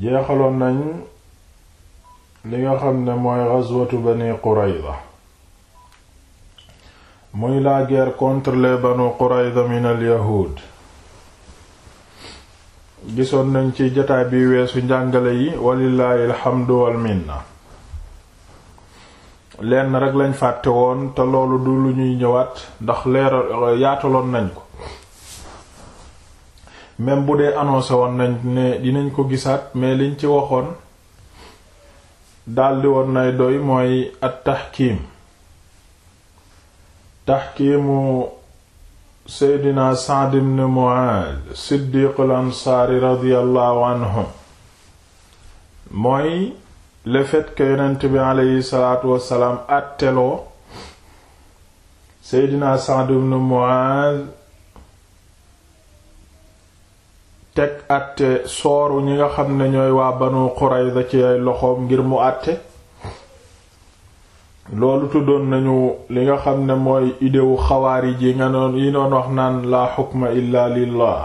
jeexaloon nañ li nga xam ne mooy ghazwatu bani qurayza muy la guerre contre les banu qurayza min al gisoon nañ ci jataay bi weesu njàngale yi walillaahi alhamdu wal minna lenn rek lañ fàtte woon te loolu du lu ñuy ñëwaat ndax leeral yaataloon nañ ko même bu dee annoncé woon nañ dinañ ko gisaat mais liñ ci waxoon daldi woon nay doy mooy at taxkiim taxkiimu seydina Sa'd ibn Mu'aaz siddiqul ansaari radiyallahu anhu mooy le fait que yonent bi aleyhi wassalaam atteloo seydina Sa'd ibn Mu'aaz teg àtte sooru ñi nga xam ne ñooy waa Banu Qurayza ci ay loxoom ngir mu àtte loolu tuddoon nañu li nga xam ne mooy idewu xawaarij yi nga noon yi doon wax naan la xukma illa lillah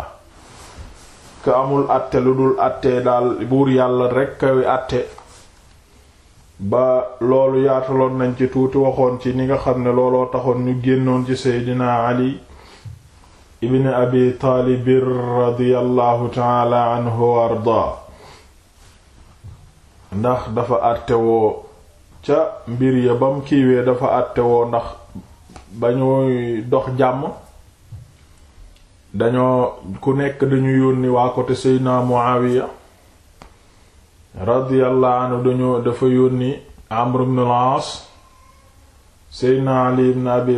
ka amul àtte lu dul àtte daal buur yàlla rekk kawi àtte ba loolu yaataloon nañ ci tuuti waxoon ci ni nga xam ne looloo taxoon ñu génnoon ci Seydina Ali ibn abi taalib radiyallahu taala anhu ardaa ndax dafa àttewoo ca mbir ya bam kiiwee dafa àttewoo ndax ba ñuy dox jàmm dañoo ku nekk dañu yónni waa côté seydna muawiya radiyallahu anhu dañoo dafa yónni amr ibn al seydna ali ibn abi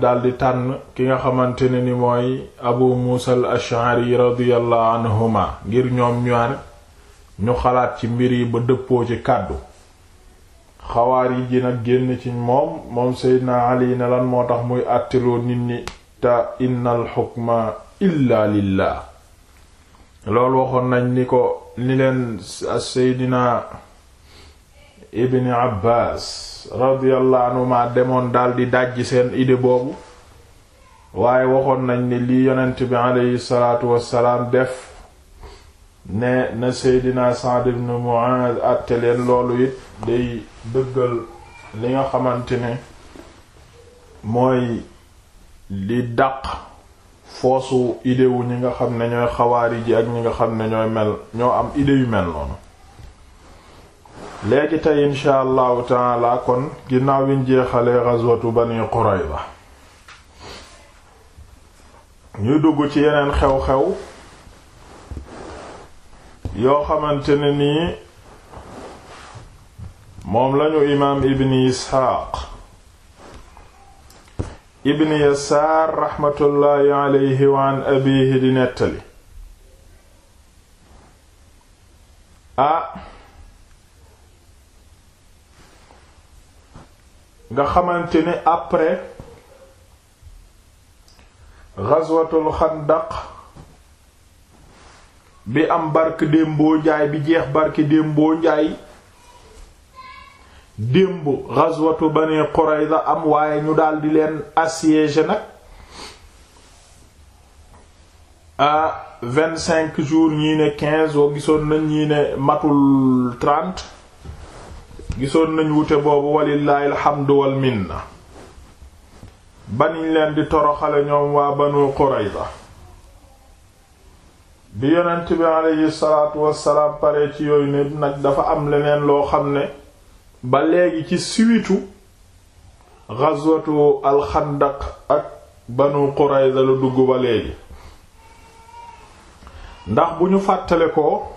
daldi tànn ki nga xamante ni mooy abu muusa al ashari radiyallahu anhuma ngir ñoom ñaar ñu xalaat ci mbir yi ba dëppoo ci kàddu xawaari ji nag génn ci moom moom seydna ali ne lan moo tax muy àttiloo nit ñi te inna al xukma illa lillah waxoon nañ ni ko ni leen seydna ibni abbaas radiyallahu anhuma demoon di dajji seen idée boobu waaye waxoon nañ ni li yonent bi aleyhi salaatu wassalaam def ne na seydina Sa'd ibn Mu'adh àtte leen loolu it day dëggal li nga xamante ne mooy li daq foosu idée wu ñi nga xam ne ñooy xawaari ji ak ñi nga xam ne ñooy mel ñoo am idée yu mel noonu léegi tey insha allahu taala ginaaw ginnaaw yiñ jeexalee ghazwatu bani qurayza ñuy dugg ci yeneen xew-xew yoo xamante ne nii moom lañu imaam ibni isxaaq ibni yasaar raxmatullaahi aleyhi wa an di nettali ah nga xamante ne après ghazwatul xandaq bi am barke démboo njaay bi jeex barke démboo njaay démb ghazwatu bani qurayza am waaye ñu daldi leen assiégé nag à vingt cinq jours ñii ne quinze woo gisoon nañ ñii ne matul trente gisoon nañu wute boobu walillaahi alxamdu wal minna baniñ leen di toroxale ñoom waa banu qurayza bi yonent bi aleyhi salaatu ci yooyu ne nag dafa am leneen loo xam ne ba léegi ci suitu ghazwatu alxandaq ak banu qurayza lu dugg ba léegi ndax bu ñu fàttale ko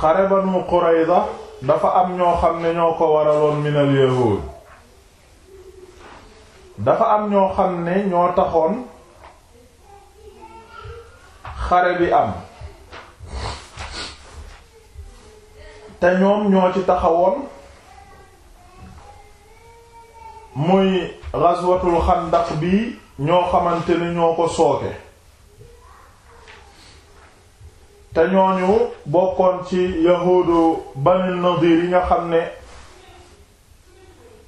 xare Banu Qurayza dafa am ñoo xam ne ñoo ko waraloon minal yahuud dafa am ñoo xam ne ñoo taxoon xare bi am te ñoom ñoo ci taxawoon muy ghazwatul xandaq bi ñoo xamante ni ñoo ko sooke te ñooñu bokkoon ci yahuudu banil nadir yi nga xam ne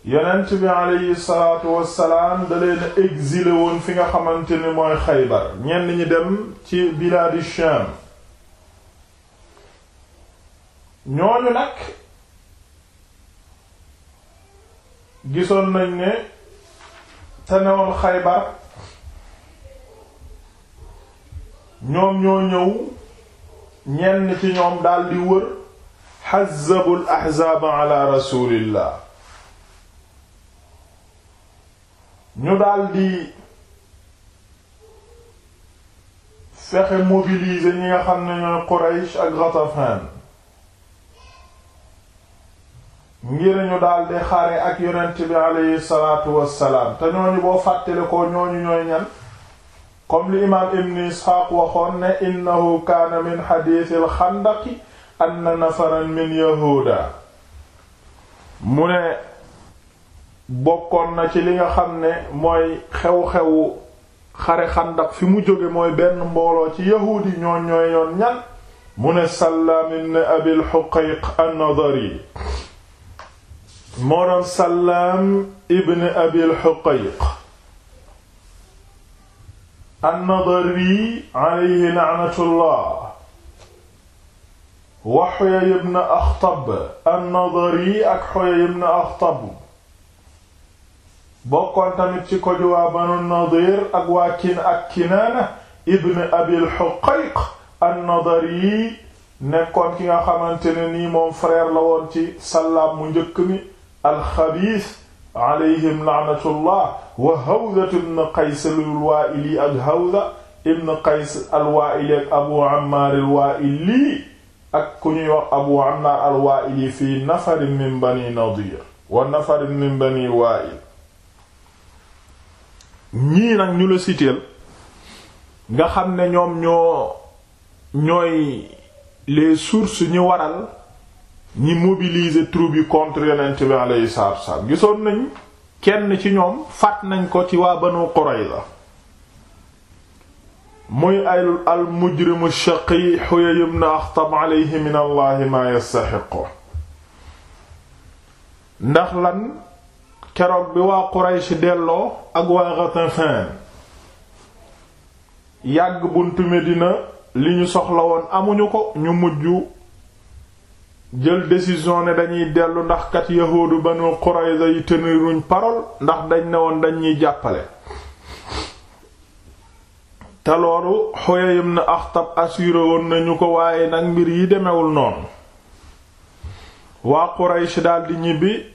yonent bi aleyhi salaatu wassalaam da leen exilé woon fi nga xamante ni mooy xaybar ñenn ñi dem ci bilaadi Shaam ñooñu nag gisoon nañ ne te newoon xaybar ñoom ñoo ñëw ñenn ci ñoom daldi wër xazabul ahzaaba ala rasulillah ñu daldi fexe mobiliser ñi nga xam ne ñooy Quraysh ak Ghatafan ngir ñu daldi xare ak yonent bi aleyhi salaatu wassalaam te ñooñu boo fàttale ko ñooñu ñooy ñan comme li imaam ibn isxaaq waxoon ne innahu kaana min xadiis alxandaqi anna nafaran min yahuuda mu ne bokkoon na ci li nga xam ne mooy xew-xewu xare xandaq fi mu jóge mooy benn mbooloo ci yahuud yi ñoo ñooy yoon ñan mu ne sallaam ibn abil xuqayq an-nadari moo ibn abil xuqayq an-Nadari alayhi la'natullah wa Huyay ibn Akhtab an-Nadari ak Huyay ibn Akhtab bokkoon tamit ci koju waa Banu Nadir ak waa Kin ak Kinaana ibn Abil Huqayq an-Nadari nekkoon ki nga xamante ne nii moom frère la woon ci sallaam mu njëkk mi al-Khabiis alayhim laanatullah wa hawdatu ibn qays alwaaili ak hawda ibn qays alwaaili ak abu ammaar alwaaili ak ku ñuy wax abu ammaar alwaaili fi nafarin min bani nadir wa nafarin min bani waail ñii nag ñu la siteel nga xam ne ñoom ñoo ñooy les sources ñu waral ñi mobiliser troupe yi contre yonent bi alayhi gisoon nañ kenn ci ñoom faat nañ ko ci waa Banu Qurayza muy ay al mujrimu shaqi Huyay ibn Akhtab alayhi min ndax lan keroog bi waa ci delloo ak waa Ghatafan yàgg buntu Medina li ñu soxla woon amuñu ko ñu mujj jël décision ne dañuy dellu ndax kat ba banu Qurayza yi teniruñ parole ndax dañ ne woon dañ jàppale te loolu Huyay ibn Akhtab assuré woon nañu ko waaye nag mbir yi demewul noonu waa Quraysh daldi ñibbi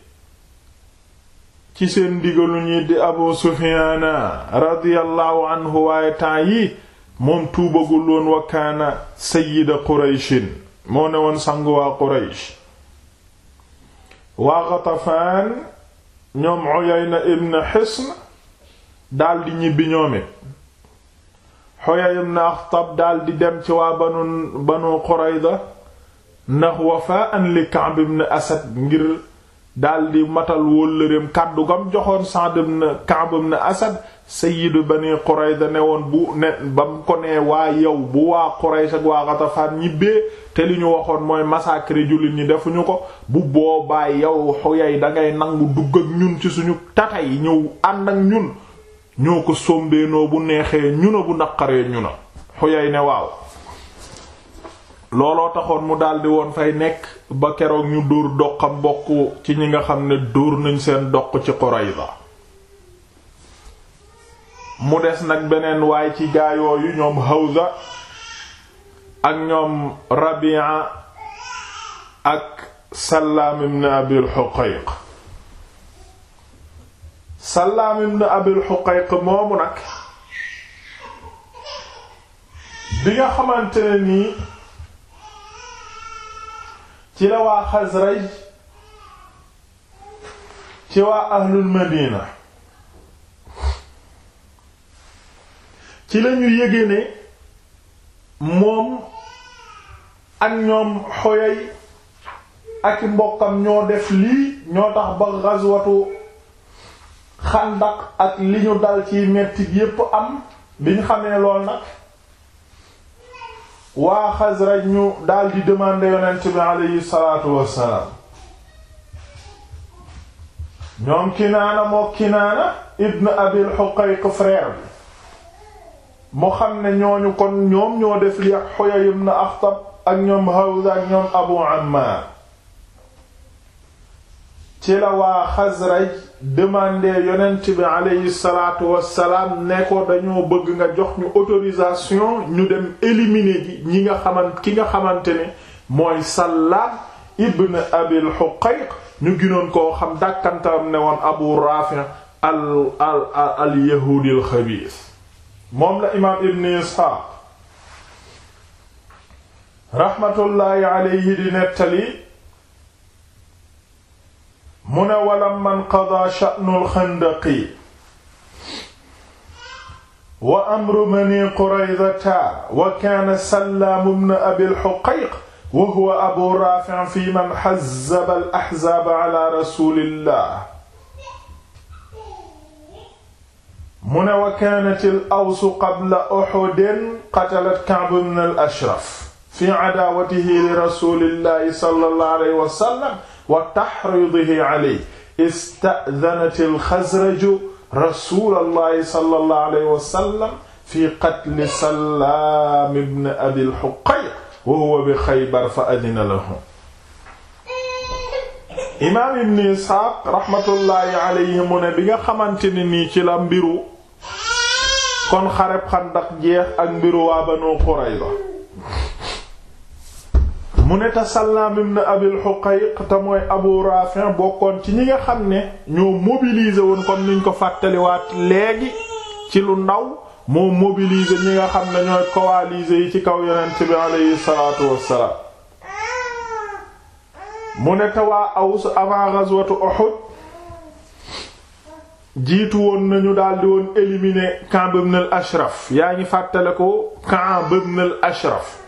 ci seen digalu ñi di Abu Sufyaan radiyallahu anhu waaye temps yi moom tuubagul woon wa kaana sayyida moo ne woon sangu waa Quraysh waa Ghatafaan ñoom Uyayna ibn Hisn daldi ñibbi ñoom it Huyay daldi dem ci waa banu Banu ndax wafa'an li Ka'b ibn Asad ngir daldi matal wóllëreem kàddu gam joxoon Sa'd ibn Ka'b ibn Asad sayyidu bani Qurayza ne woon bu ne bam ko nee waa yow bu waa Quraysh ak waa Ghatafaan ñibbee te li ñu waxoon mooy massacre jullit ñi defuñu ko bu boobaa yow Huyay da nangu dugg ak ñun ci suñu tatay ñëw ànd ak ñun ñoo ko sombeenoo bu neexee ñuna bu naqaree ñuna Huyay ne waaw looloo taxoon mu daldi woon fay nekk ba keroog ñu dóor doqam bokk ci ñi nga xam ne duur nañ seen doq ci Qurayza mu des nag beneen waay ci gaayooyu ñoom Hawza ak ñoom Rabia ak Sallaam ibn Abil Huqayq Sallaam ibn Abil Huqayq moomu nag bi nga xamante ne nii ci la waa Xasraj ci waa ahlul Madina ci lañu yëge ne moom ak ñoom xoyay ak mbokkam ñoo def lii ñoo tax ba gazwatu xandak ak li ñu dal ci metti yépp am biñ xamee lool nag waa Xasraj ñu daldi demander yonent bi aleyhi salaatu wassalaam ñoom Kinaana moo Kinaana ibn Abil Huqayq frère bi mu xam ne ñooñu kon ñoom ñoo def li ak Huyay ibn Akhtab ak ñoom Hawza ci la waa Xasraj demandé yonent bi aleyhi salaatu wassalaam ne dañoo bëgg nga jox ñu autorisation ñu dem éliminer ji ñi nga xamant ki nga xamante ne mooy Sallaam ibn Abil Huqayq ñu ginoon koo xam dàkkantaram ne woon Abu Raafi al al al yahuudi al xabiis moom la imaam Ibn Isxaaq raxmatullaahi aleyhi di nettali mu ne walam man qadaa sha'nul xandaqi wa amru bani quraydata wa kaana sallaamu bnu abil xuqayq wa huwa abu raafi' fi man hazzaba al ahzaab ala rasuulillah mu ne wa kaanat al aws qabla uhud qatalat ka'b bnu al ashraf fi adaawatihi li rasulillahi sallallahu alayhi wa sallam wa tahridihi alayhi ista'dhanat al-Khazraju rasulallahi sallallahu alayhi wa sallam fi qatli Sallaam ibn Abil Huqayq wa huwa bi Khaybar fa adhina lahu. imaam Ibn Isxaaq rahmatullahi alayhi mu ne bi nga xamante ne nii ci la mbiru kon xareb Xandaq jeex ak mbiru waa Banu Qurayza mu ne te Sallaam ibn Abil Huqayq te mooy Abu Rafi' bokkoon ci ñi nga xam ne ñoo mobiliser woon comme niñ ko fàttaliwaat léegi ci lu ndaw moo mobiliser ñi nga xam ne ñooy coaliser yi ci kaw yonent bi alayhi salaatu wassalaam mu ne te waa Aws avant ghazwatu Uhud jiitu woon nañu daldi woon éliminer Ka'b ibn al-Ashraf yaa ngi fàttale ko Ka'b ibn ashraf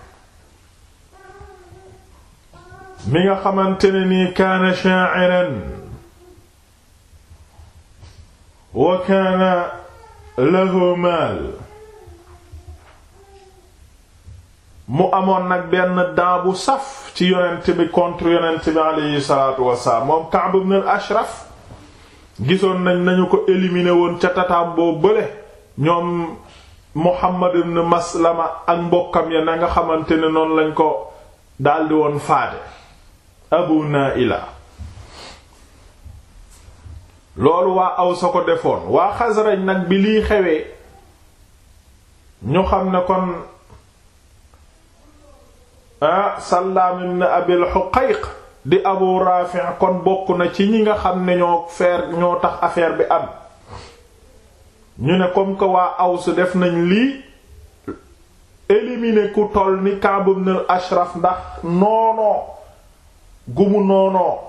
mi nga xamante nii kaana sha'iran wa kaana lahu maal mu amoon nag benn daabu bu saf ci yonent bi contre yonent bi alayhi salaatu wassalaam moom Ka'b ibn al-Ashraf gisoon nañ nañu ko éliminé woon ca tataam boo bële ñoom Muhammad ibn Maslama ak mbokkam ya na nga xamante ne noonu lañ ko daldi woon faate abu naila loolu waa aw sa ko defoon waa xasraj nag bi lii xewee ñu xam ne kon ah sallaam ibn abil xuqayq di abu raafi kon bokk na ci ñi nga xam ne ñoo feer ñoo tax affaire bi am ñu ne comme que waa aws def nañ lii éliminer ku toll ni Kaab Ashraf ndax noonoo gumu noonoo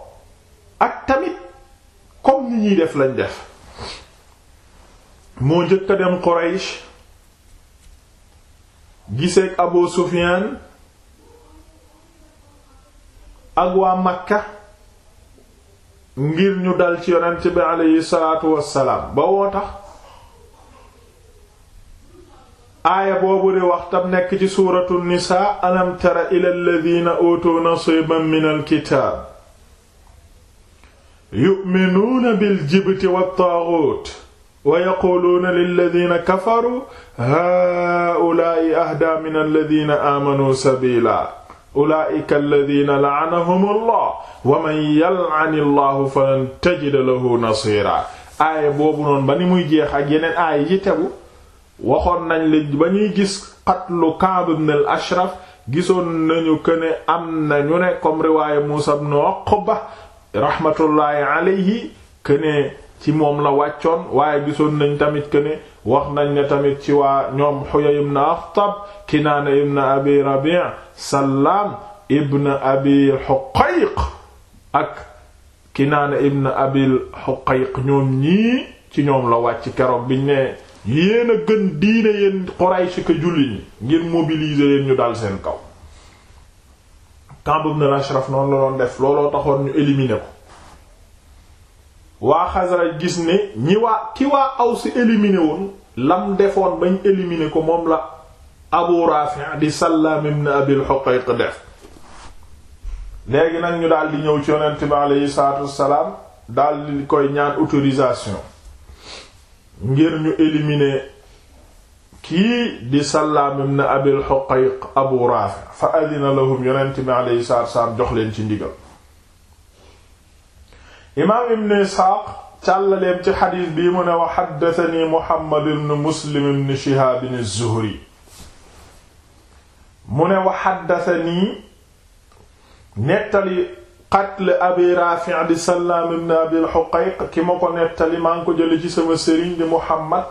ak tamit comme ni ñuy def lañ def moo njëkk a dem Quraysh giseeg Abu Sufyan ak waa Makka ngir ñu dal ci yonent bi aleyhi salaatu wassalaam ba woo tax aaya boobu di wax tam nekk ci suuratu nisaa alam tara ila alladhina utu nasiiban min alkitaab yu'minuuna biljibti wattaaguut wa yaquuluuna lilladhina kafaru haa'ulaa'i ahdaa min alladhina aamanuu sabiila ulaa'ika alladhina la'anahum allah wa man yal'ani allahu falan tajida lahu nasiira aaya boobu noonu ba ni muy jeex ak yeneen aaya yi tegu waxoon nañ la ba ñuy gis xatlu Kaab ibn al Ashraf gisoon nañu que am na ñu ne comme riwaaye Muusa ibn Uqba rahmatullahi alayhi que ci moom la wàccoon waaye gisoon nañ tamit que wax nañ ne tamit ci waa ñoom Huyay ibn Akhtab Kinaana ibn Abi Rabi' Sallaam ibn Abi Huqayq ak Kinaana ibn Abi Huqayq ñoom ñii ci ñoom la wàcc keroog biñ ne yéen a gën diine yéen Quraysh ka julli ñi ngir mobiliser leen ñu dal seen kaw Ka'b ibn al noonu la doon def looloo taxoon ñu éliminer ko waa Xasraj gis ni ñi waa ki waa Aws éliminer woon lam defoon bañ éliminer ko moom la Abu Rafi' di Sallaam ibn Abil Huqayq def léegi nag ñu daal di ñëw ci yonent bi aleyhi salaatu wassalaam daal koy ñaan autorisation ngir ñu éliminer kii di Sallaam ibn Abil Huqayq Abu Raafi fa adina lahum yonent bi alayhi salaatu jox leen ci ndigal imaam ibn Isxaaq càllaleem ci xadiis bii mu ne wa xaddatani Muhammad ibn Muslim zuhri mu ne wa nettali qatl abi rafi' di salaam ibn abi al-huqayq ki ma ko nettali maa ngi ko jële ci sama sëriñ di muhammad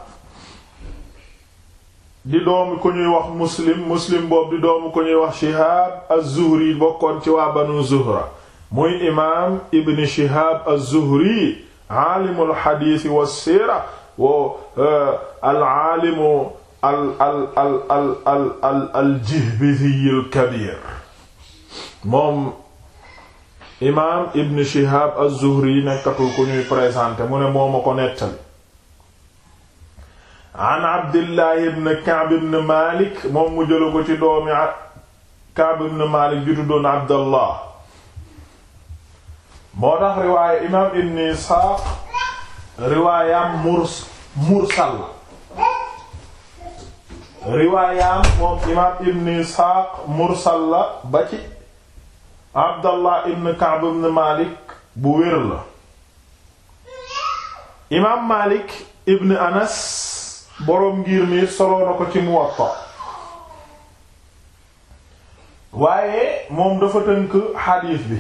di doomi ku ñuy wax muslim muslim boobu di doomi ku ñuy wax shihaab az-zuhri bokkoon ci waa banu zuhra muy imaam ibn shihaab az-zuhri aalimul xadiis wa siira wa eh, al-aalimu al al al al al al al jihbizi al kabiir moom imaam ibn Shihab az-Zuhri nekkatul ku ñuy présenté mu ne moo ma ko nettali an Abdillahi ibn Ka'b ibn Malik moom mu jëla ko ci doomi Ka'b ibn Malik ju tuddoon Abdallah moo tax riwaaya imaam ibn Isxaaq riwaayaam mursal riwaayaam imaam ibn Isxaaq mursal la ba ci abdallah ibn kaab ibn malik bu wér la imaam malik ibn anas boroom ngir mi soloo na ko ci muwatta waaye moom dafa tënk xadiis bi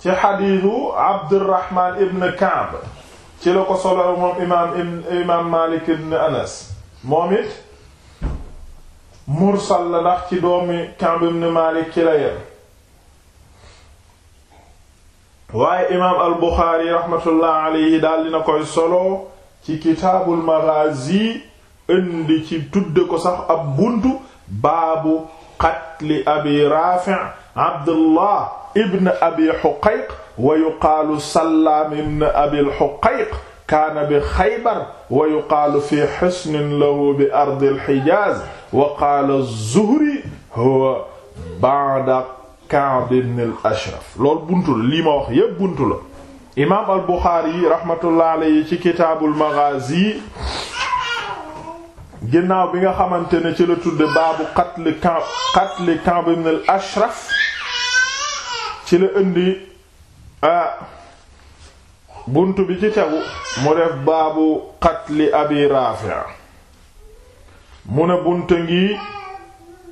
ci xadiisu abdurrahman ibn kaab ci la ko solo moom imaam imaam malik ibn anas moom it mursal la ndax ci doomi Ka'b ibn Malik ci la yem waaye imaam al Buxaari raxmatullah alayhi daal dina koy solo ci kitaabul maghazi indi ci tudde ko sax ab buntu baabu qatli abi Raafi' Abdullah ibn abi Huqayq wa yuqaalu Sallaam ibn abi Huqayq kaana bi xaybar wa yuqaalu fi xusnin lahu bi ardi alxijaaz wa qaala zuhri huwa ba'da Ka'b ibn al-Ashraf loolu buntu la lii ma wax yépp buntu la imaam al-Buxaari rahmatullah alayhi ci kitaabul maghaazi ginnaaw bi nga xamante ne ci la tudde baabu qatl Ka'b qatl Ka'b ibn al-Ashraf ci la indi ah bunt bi ci tegu mu def baabu qatli abi raafi' mu ne bunt ngi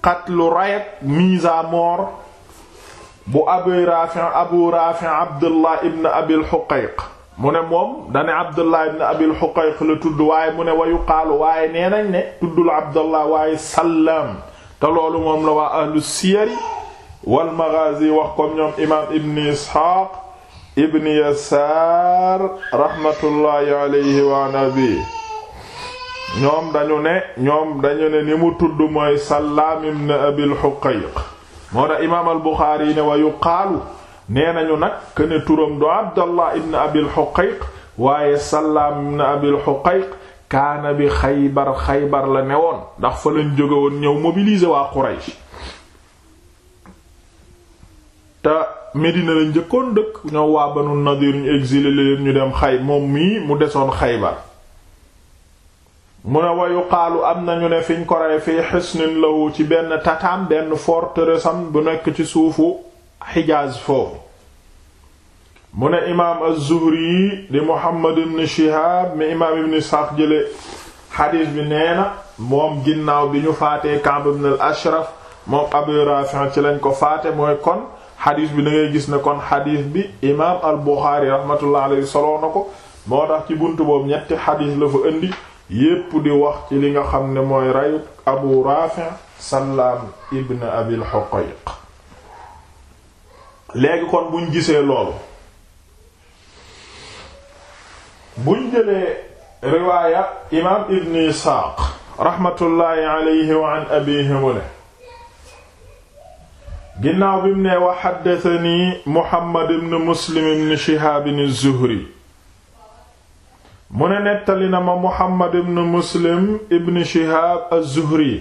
qatlu rayat mise à bu abi raafi' abu raafi' abdullah ibn abil huqayq mu ne moom dane abdullah ibn abil huqayq la tudd waaye mu ne wa yuqaalu waaye nee nañ ne tuddul abdullah waaye salaam te loolu moom la waa ahlu siyari wal wax comme ñoom imaam ibn ishaaq ibn yasaar raxmatullaahi alayhi wa nabi ñoom dañu ne ñoom dañu ne ni mu tudd mooy salaam ibn abil xuqayq moo tax imaam buxaari ne wa yuqaalu nee nañu nag ne turam du abdallah ibn abil waaye salaam ibn abil kaana bi xaybar xaybar la ne woon ndax fa lañ jóge woon ñëw mobiliser waa quraysh Medina lañ njëkkoon dëkk ñoo waa Banu Nadir ñu exilé leen ñu dem xay moom mii mu desoon Xaybar mu ne wayu xaalu am nañu ne fiñ ko rey fii xisnin lahu ci benn tataan benn forteresse bu nekk ci suufu Xijaaz foofu mu ne imaam az-Zuhri di Muhammad ibn Shihaab mi imaam ibn Isxaaq xadiis bi nee moom ginnaaw bi ñu faate Kaab ibn al-Ashraf moom Abu Rafi' ci lañ ko faate mooy kon xadis bi da ngay gis ne kon xadis bi imaam al buxaari rahmatullah alayhi na ko moo tax ci buntu boobu ñetti xadis la fa indi yépp di wax ci li nga xam ne mooy rayu abu raafi salaam ibn abil xuqayq léegi kon buñ gisee loolu buñ jëlee riwaaya imaam ibn isaaq rahmatullahi alayhi wa an abihi mu ginnaaw bi mu ne wa xaddasani Muhammad ibn Muslim ibn Shihaab az-Zuhri mu ne nettali na ma Muhammad ibn Muslim ibn Shihaab az-Zuhri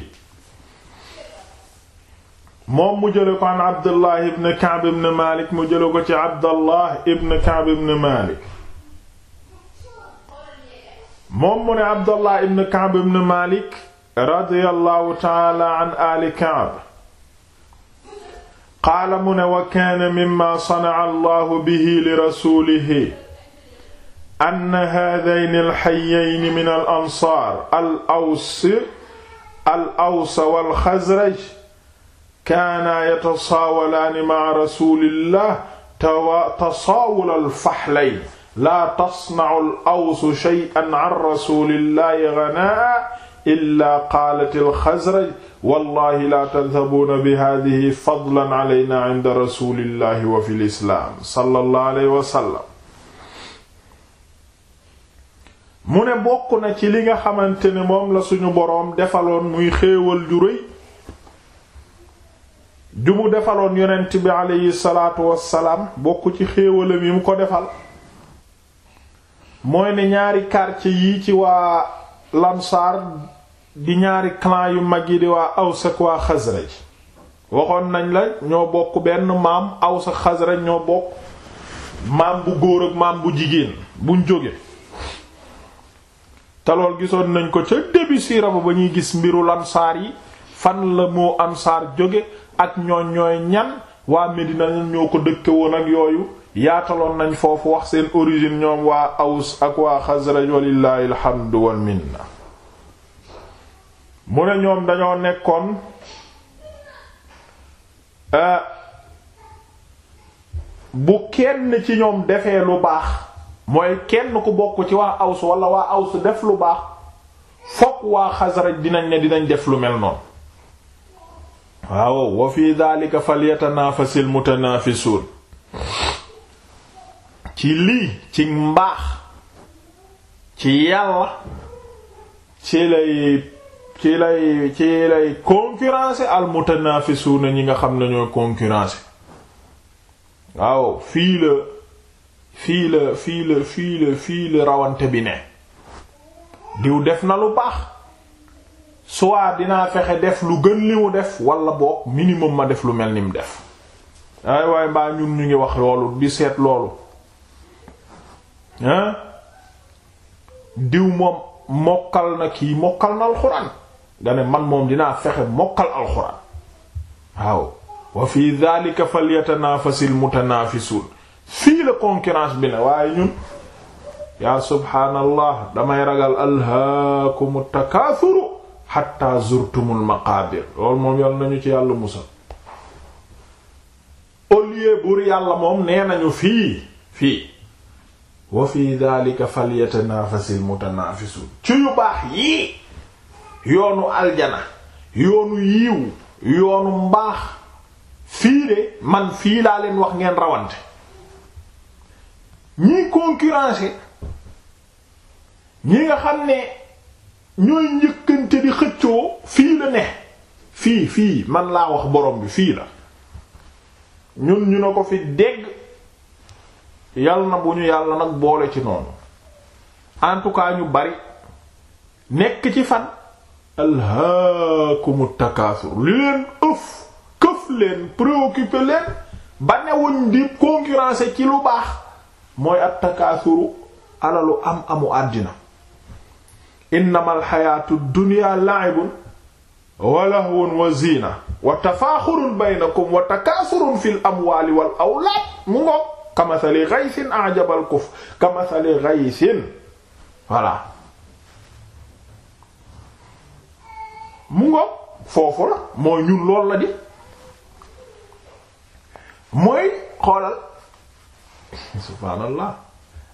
mu jële ko an Abdullah ibn Ka'b ibn Malik mu jële ko ci Abdullah ibn Ka'b ibn Malik moom mu ne Abdullah ibn Ka'b ibn Malik radiyallahu ta'ala an ali Ka'b qaala mu ne wa kaana mimma sanaca allahu bihi li rasulihi ann haadayni alxayayni min al ansaar al aws al aws walxasraj kaanaa yatasaawalaani maca rasulillah tasaawul alfaxlayn laa tasnacu al aws shay'an can rasulillahi ganaa illaa qaalat al-Xasraj wallahi laa tadhabuuna bi haadihi fadlan alaynaa inda rasuulillahi wa fil islaam sallallahu alayhi mu ne bokk na ci li nga xamante ne moom la suñu boroom defaloon muy xéewal ju rëy ju mu defaloon yonent bi aleyhi salaatu wassalaam bokk ci xéewalam yi mu ko defal mooy ne ñaari quartier yi ci waa lansaar di ñaari clan yu mag yi di waa Aws ak waa Xasraj waxoon nañ la ñoo bokk benn maam Aws ak Xasraj ñoo bokk maam bu góor ak maam bu jigéen buñ jóge te lool gisoon nañ ko ca début siira ba ba ñuy gis mbiru lansaar yi fan la moo ansaar jóge ak ñooñ ñooy ñan waa Medina ñoo ko dëkke woon ak yooyu yaataloon nañ foofu wax seen origine ñoom waa Aws ak waa Xasraj walillahi alhamdu wal mu ne ñoom dañoo nekkoon euh, bu kenn ci ñoom defee lu baax mooy kenn ku bokk ci waa aws wala waa aws def lu baax fokk waa xasraj dinañ dinañ def lu mel noonu waaw wa fi daalika fi mutanafisuun ci lii ci mbaax ci yàlla ci lay ci lay ci lay concurrence al mutanafisuna ñi nga xam ne ñooy concurrence waaw fii la fii la fii la fii la fii la rawante bi ne diw def na lu baax soit dinaa fexe def lu gën li mu def walla boog minimum ma def lu mel ni mu def ay waay mbaa ñun ñu ngi wax loolu di seet loolu hein diw moom mokkal na kii mokkal na alxuraan nga man moom dinaa fexe mokkal alxuraan waaw wa fi dhalika falyatanafasil mutanafisun fii la concurrence bi ne waaye ñun yaa subhaanallah damay ragal alhaakumu takaasuru hatta zurtumul maqaabir loolu moom yal nañu ci yàlla musal au lieu buur yàlla moom nee nañu fii fii wa fi dhalika falyatanafasil mutanafisun ci yu baax yii yoonu aljana yoonu yiiw yoonu mbaax fii de man fii laa leen wax ngeen rawante ñiy concurrencer ñi nga xam ne ñooy njëkkante di xëccoo fii la ne fii fii man laa wax borom bi fii la ñun ñu ne ko fi dégg yal na bu ñu yàlla nag boole ci noonu en tout cas ñu bari nekk ci fan alhaakumu takaasur li leen ëf këf leen préoccupé leen ba newuñ di concurrence ci lu baax mooy at takaasuru alalu am amu àddina innamal xayaatu dunya la'ibun wa lahwun wa ziina wa tafaaxurun baynakum wa takaasurun fil amwaali wal awlaad mu ngoog kamathali ghaythin a'jabal kuf kamathali ghaythin voilà mu ngo foofu la mooy ñun lool la di mooy xoolal subhaanallah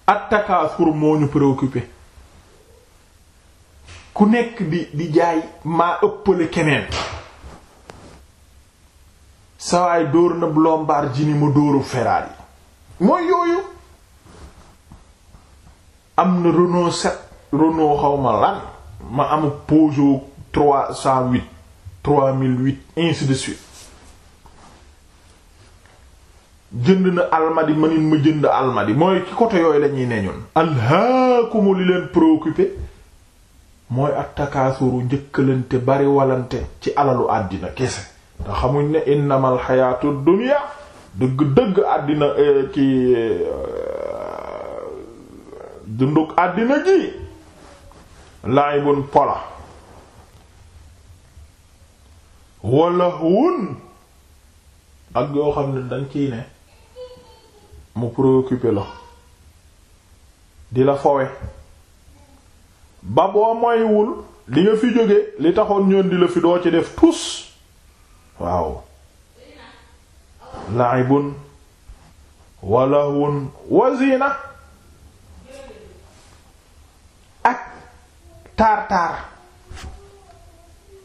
at-takaasur moo ñu préoccupé ku nekk di di jaay maa ëppale keneen sawaay dóor na Lamborghini ma dóoru Ferrari mooy yooyu am na Renault 7 Renault xaw ma lan ma am Peugeot trois cent huit trois mille huit ainsi de suite jënd na almadi manit ma jënd almadi mooy ci côté yooyu lañuy ne ñun alhaakumu li leen préoccupé mooy ak takaasuru njëkkalante bari walante ci alalu àddina kese te xamuñ ne innamal xayaatu dunya dëgg-dëgg àddina eh, ci eh, dunduk àddina ji laay bun pola wala wun ak yoo xam ne danga ciy ne mu préoccupé la di la fowe ba boo moywul li nga fi jóge li taxoon ñoon di la fi doo ci def tus waaw laibun wa lahwun wa zina ak taar taar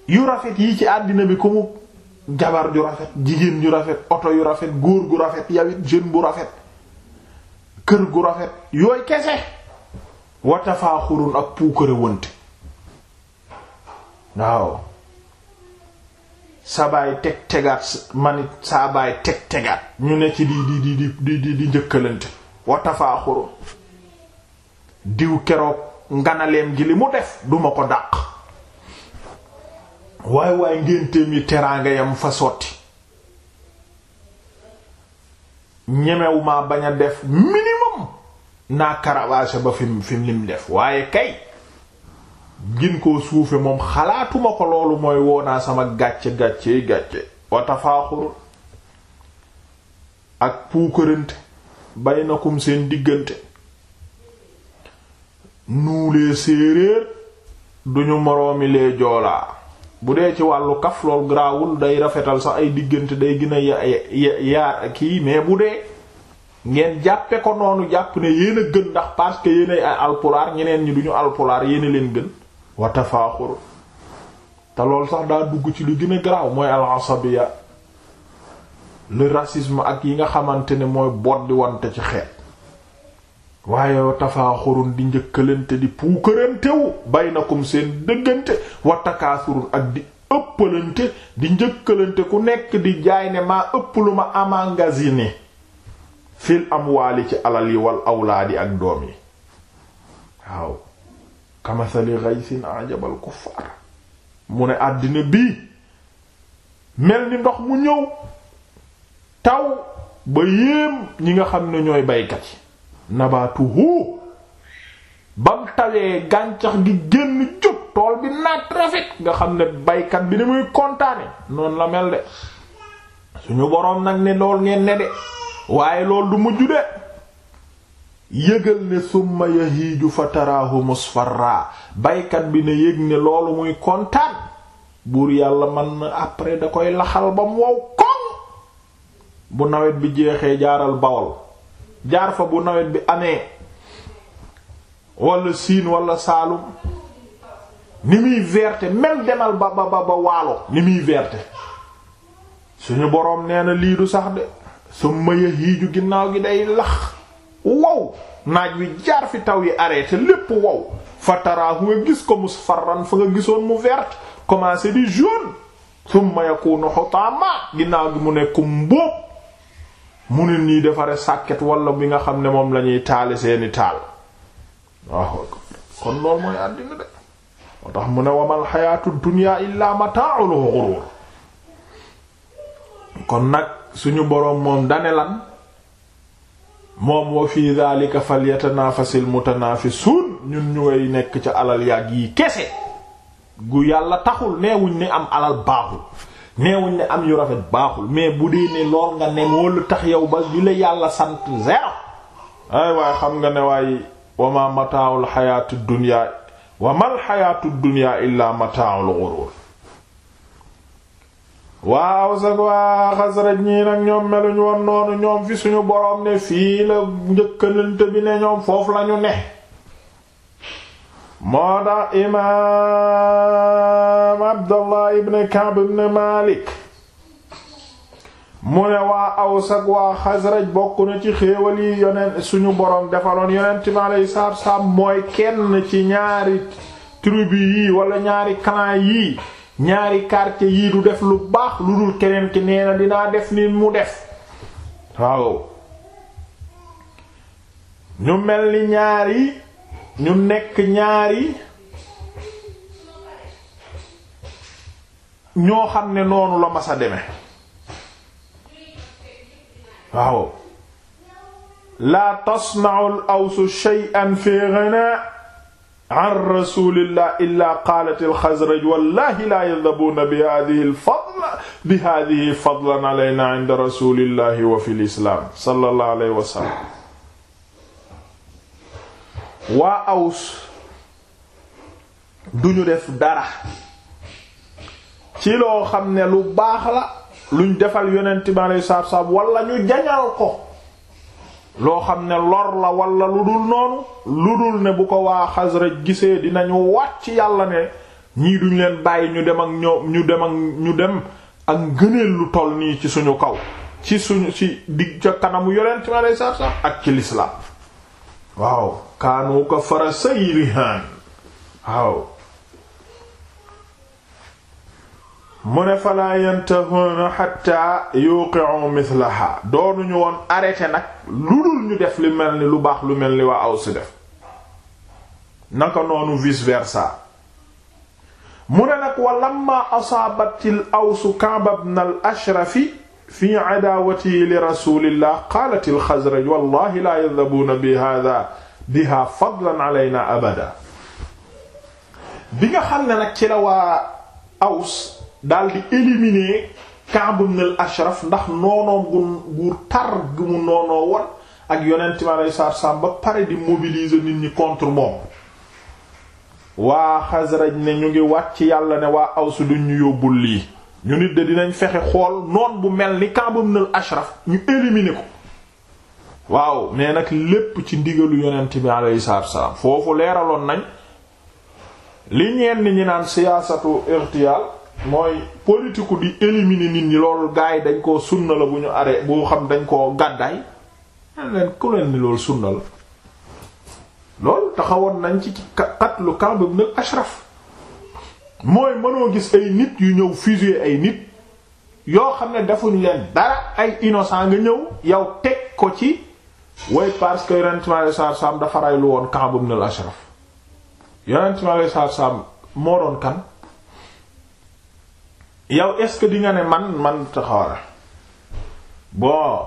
yu rafet yi ci àddina bi ku mu jabar ju rafet jigéen ju rafet oto yu rafet góor gu rafet yawit jeune bu rafet kër gu rafet yooy kese watafaaxurun ak puukare wënte waaw sa baay teg tegaat manit saa teg tegaat ñu ne ci di di di di di di njëkkalante watafaaxurun diw keroog nganaleem gi li mu def duma ko dàq waay waay ngénteem yi teraanga yam fa sotti ñemewu bañ a def minimum naa caravage ba fim fim lim def waaye kay gin koo suufe moom xalaatuma ko loolu mooy woonaa sama gàcce gàcce gàcce watafaaxur ak puukarante baynakum seen diggante nuulee séeréer duñu moroomi lee joolaa bu dee ci wàllu kaf lool garaawul day rafetal sax ay diggante day gën a ak kii mais bu dee ngeen jàppe ko noonu jàpp ne yéen a gën ndax parce que yéen ay alpulaar ñeneen ñi duñu alpulaar yéen leen gën wa tafaaxur te loolu sax daa dugg ci lu gën garaaw mooy al asabiya le ak yi nga xamante ne mooy di wante ci xeet waaye tafaaxurun di njëkkalante di puukarantewu baynakum seen dëggante wa takaasurun ak di ëppalante di njëkkalante ku nekk di jaay ne maa ëpp lu ma amangazini fil amwaali ci alal yi wal awlaadi ak doom yi waaw kamathali ghaysin ajabal kuffar mu ne àddina bii mel ni ndox mu ñëw taw ba yéem ñi nga xam ne ñooy baykat yi nabaatu nabaatuhu bam tawee gàncax gi génn jub tool bi naat rafet nga xam ne baykat bi ni muy kontaane noon la mel de suñu boroom nag ne lool ngeen ne de waaye lool du mujj de yëgal ne summa yahiiju fa taraahu musfarra baykat bi ne yëg ne loolu muy kontaan buur yàlla man na après da koy laxal ba mu wow koŋ bu nawet bi jeexee jaaral bawol jaar fa bu nawet bi amee wala siin walla saalum ni muy verte même demal ba ba ba waalo ni muy verte suñu boroom nee na lii du sax de su mëya hiiju ginnaaw gi day lax wow naaj wi jaar fi taw yi arrêté lépp wow fataraahu nga gis ko musfarran fa nga gisoon mu verte commencé di jaune summa yakunu hutama ginnaaw gi mu nekkum mbóob mu ne nii defare sàkket wala bi nga xam ne moom lañuy ñuy seeni taal waaw kon loolu mooy àddina de moo tax mu ne wamal xayaatu dunya illa mata'ul ghurur kon nag suñu boroom moom dane lan moom wa fi dhalika falyatanafasil mutanafisun ñun ñu ngay nekk ca alal yàgg yi kese gu yàlla taxul neewuñ ni am alal baaxul neewuñ ne am yu rafet baaxul mais bu dee ne lool nga ne moo tax yow ba li la yàlla sant zero ay waaye xam nga ne waaye wama mataawul xayaatu dunya wamal xayaatu dunya illaa mataawul ghurur waaw sax waa Xasraj ñii nag ñoom meluñ woon noonu ñoom fi suñu boroom ne fii la njëkkalante bi ne ñoom foofu lañu ne moo tax imaam Abdallah ibn Ka'b ibn Malik mu ne waa Aws ak waa Xasraj bokk na ci xéewal yi yonent suñu boroom defaloon yonent mi alayhi salaatu salaam mooy kenn ci ñaari tribu yi wala ñaari clan yii ñaari quartier yi du def lu baax lu dul keneen ki nee na dinaa def ni mu def waaw ñu mel ni ñaari ñu nekk ñaari ñoo xam ne noonu la mas a demee waaw laa tasna'u al-awsu shay'an fi ghinaa an rasulillah illa qaalat al-khazraj wallahi laa yadhabuuna bi hadhihi al bi hadhihi fadlan alaynaa 'inda rasulillah wa fil islam sallallahu alayhi wa sallam waa awus duñu def dara ci loo xam ne lu baax la luñ defal yonent bi aleyhi salaatu salaam wala ñu jañal ko loo xam ne lor la walla lu dul noonu lu dul ne bu ko waa Xasraj gisee dinañu wàcc yàlla ne ñii duñ leen bàyyi ñu dem ak ñu dem ak ñu dem ngëneel lu toll nii ci suñu kaw ci suñu ci dig ca kanamu yonent bi aleyhi salaatu ak kilis la waaw kaanu ka farasay rihaan waaw mu ne falaa yantahuna xatta yuqi'u mithlaha doonuñu woon arrêté nag lu dul ñu def li mel ni lu baax lu mel ni waa Aws def naka noonu vice versa mu ne nag wa lamma asaabatil Aws Ka'b ibn ashrafi fi adaawatihi li rasulillah qaalat al-Xasraj bi haadaa bihaa abada bi nga xam ne nag ci la waa Aws daal di éliminer Ka'b ibn al-Ashraf ndax noonoom gu gu tar ak yonent mi alayhi salaatu salaam pare di mobiliser nit ñi contre waa Xasraj ne ñu ngi wàcc yàlla ne waa Aws duñ ñu yóbbul lii ñu nit de dinañ fexe xool noon bu mel ni kambam nal ashraf ñu éliminer ko waaw mais nag lépp ci ndigalu yonent bi alayhi salaatu wassalaam foofu leeraloon nañ li ñeen ñi naan siyaasatu irtiyaal mooy politiku di éliminer nit ñi loolu gars yi dañ koo sunna la bu ñu aree boo xam dañ koo gàddaay len leen ku leen ni loolu sunna la loolu taxawoon nañ ci qatlu Ka'b ibn al-Ashraf mooy mënoo gis ay nit yu ñëw fusiller ay nit yoo xam ne defuñ leen dara ay innocent nga ñëw yow teg ko ci way parce que yonent mi alayhi salaatu salaam dafa raylu woon Ka'b ibn al-Ashraf yonent mi alayhi moo doon kan yow est-ce que di nga ne man man taxawara bon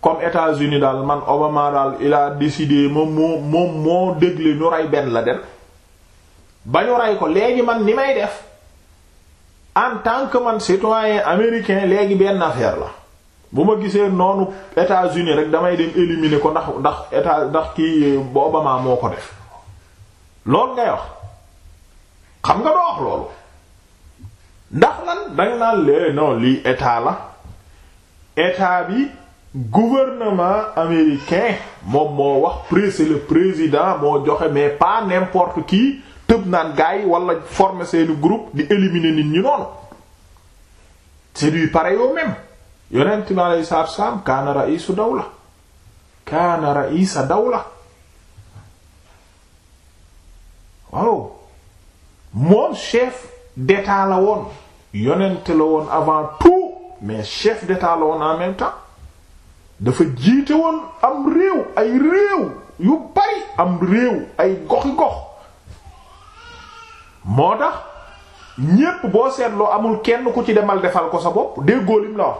comme états daal man Obama daal il a décidé moom moo moom moo dégle ñu rey Ben Laden ba ñu rey ko léegi man ni may def en tant que man citoyen américain léegi benn affaire la bu ma gisee noonu États-Unis rek damay dem éliminer ko ndax ndax état ndax ki booba moo ko def loolu ngay wax xam nga doo wax loolu ndax lan danga naan lee non lii état la état bi gouvernement américain moom moo wax pré c'est le président moo joxe mais pas n'importe qui tëb naan gaay walla wala former seeni groupe di éliminer nit ñi noonu c'est du pareil au même yonent bi aleyhi salaatu salaam kaana ra'isu dawla kaana ra'isa dawla waaw moom chef d'état la woon yonent la woon avant tout mais chef d'état la woon en dafa jiite woon am réew ay réew yu bari am réew ay goxi gox moo tax ñépp boo seetloo amul kenn ku ci demal defal ko sa bopp déggoo lim la wax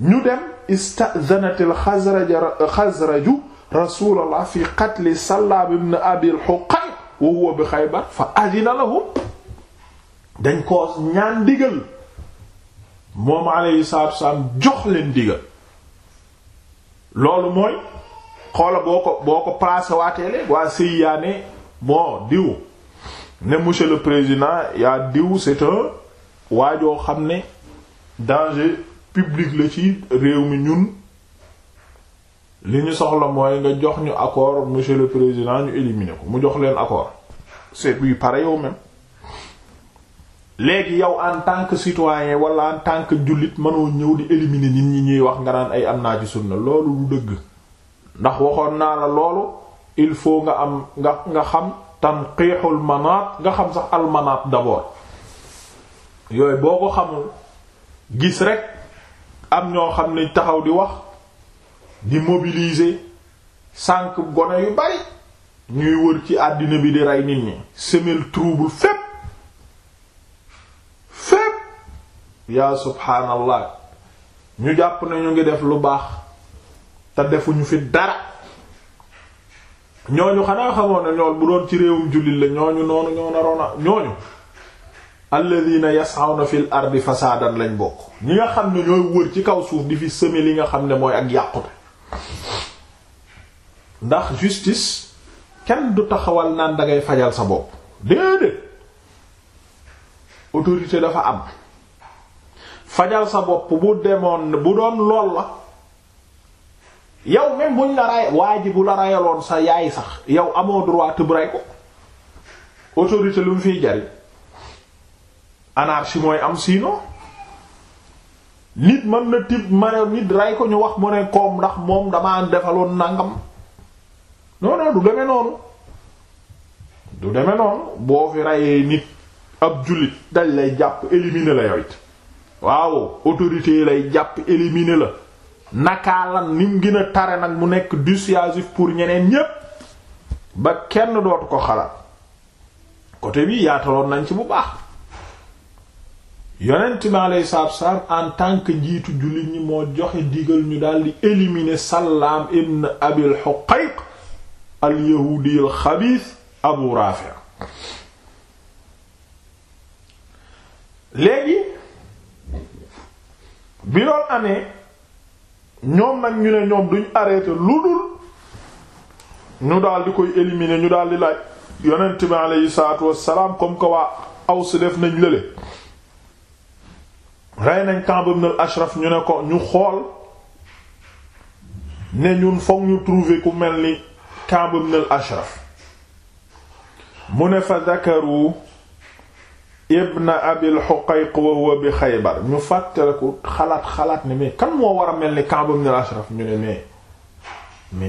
ñu dem istadanatil xasraja xasraju rasulallah fi qatli sallaab ibn abil huqay wa huwa bi xaybar fa adina lahum dañ ko ñaan digal moom alayhi salaatu wasalaam jox leen digal loolu mooy xoola boo ko boo ko placé waatee leen waa sëy yaane diw ne monsieur le président yaa diw c'est un waajoo xam ne danger public la ci réew mi ñun li ñu soxla mooy nga jox ñu accord monsieur le président ñu éliminer ko mu jox leen accord c'est puis pareil yow même léegi yow en tant que citoyen wala en tant que jullit mënoo ñëw di éliminer nit ñi ñuy wax nga naan ay am naa ci sunna loolu du dëgg ndax waxoon naa la loolu il faut nga am nga nga xam tanqiixul manaat nga xam sax almanaat d'abord yooyu boo ko xamul gis rek am ñoo xam ne taxaw di wax di mobiliser sànq gone yu bari ñuy wër ci àddina bi di rey nit ñi semer trouble fépp fépp yaa subhaanallah ñu jàpp ne ñu ngi def lu baax te defuñu fi dara ñooñu xanaa xamoon ne ñool bu doon ci réewum jullit la ñooñu noonu ñoo naroon a ñooñu alladina yas'awna fil ardi fasaadan lañ bokk ñi nga xam ne ñooy wër ci kaw suuf di fi sëmi li nga xam ne mooy ak yàqute ndax justice kenn du taxawal naan dangay fajal sa bopp déedéet autorité dafa am fajal sa bopp bu demoon bu doon lool la yow même buñ la ray waa ji bu la rayaloon sa yaay sax yow amoo droit tëb ray ko autorité lu mu fiy jariñ anarchie mooy am sinon nit mën na tib ma nit ray ko ñu wax mu ne koom ndax moom damaa defaloon nangam non non du demee noonu du demee noonu boo fi rayee nit ab jullit dañ lay jàpp éliminer la yow it waaw autorité lay jàpp éliminer la. nakaalan nim gën a tare nag mu nekk dissuasif pour ñeneen ñépp ba kenn dootu ko xalaat côté bi yaataloon nañ ci bu baax yonent bi alayhi salaatu wasalaam en tant que njiitu jullit ñi moo joxe digal ñu daldi éliminer Sallaam ibn Abil Huqayq al-yahuudi al-xabiis Abu Raafi léegi bi loolu amee ñoom nag ñu ne ñoom duñ arrêté lu dul ñu daal di koy éliminer ñu daal di laaj yonent bi aleyhi salaatu wassalaam comme que waa Aws def nañ lële rey nañ Kaab ibn ashraf ñu ne ko ñu xool ne ñun fokk ñu trouver ku mel ni Kaab ibn ashraf mu ne fa dakaru ibn abil huqayq wa huwa bi xaybar ñu fàttaliku xalaat xalaat ne mais kan moo war a mel ni Ka'b ibn al-Ashraf ñu ne mais mi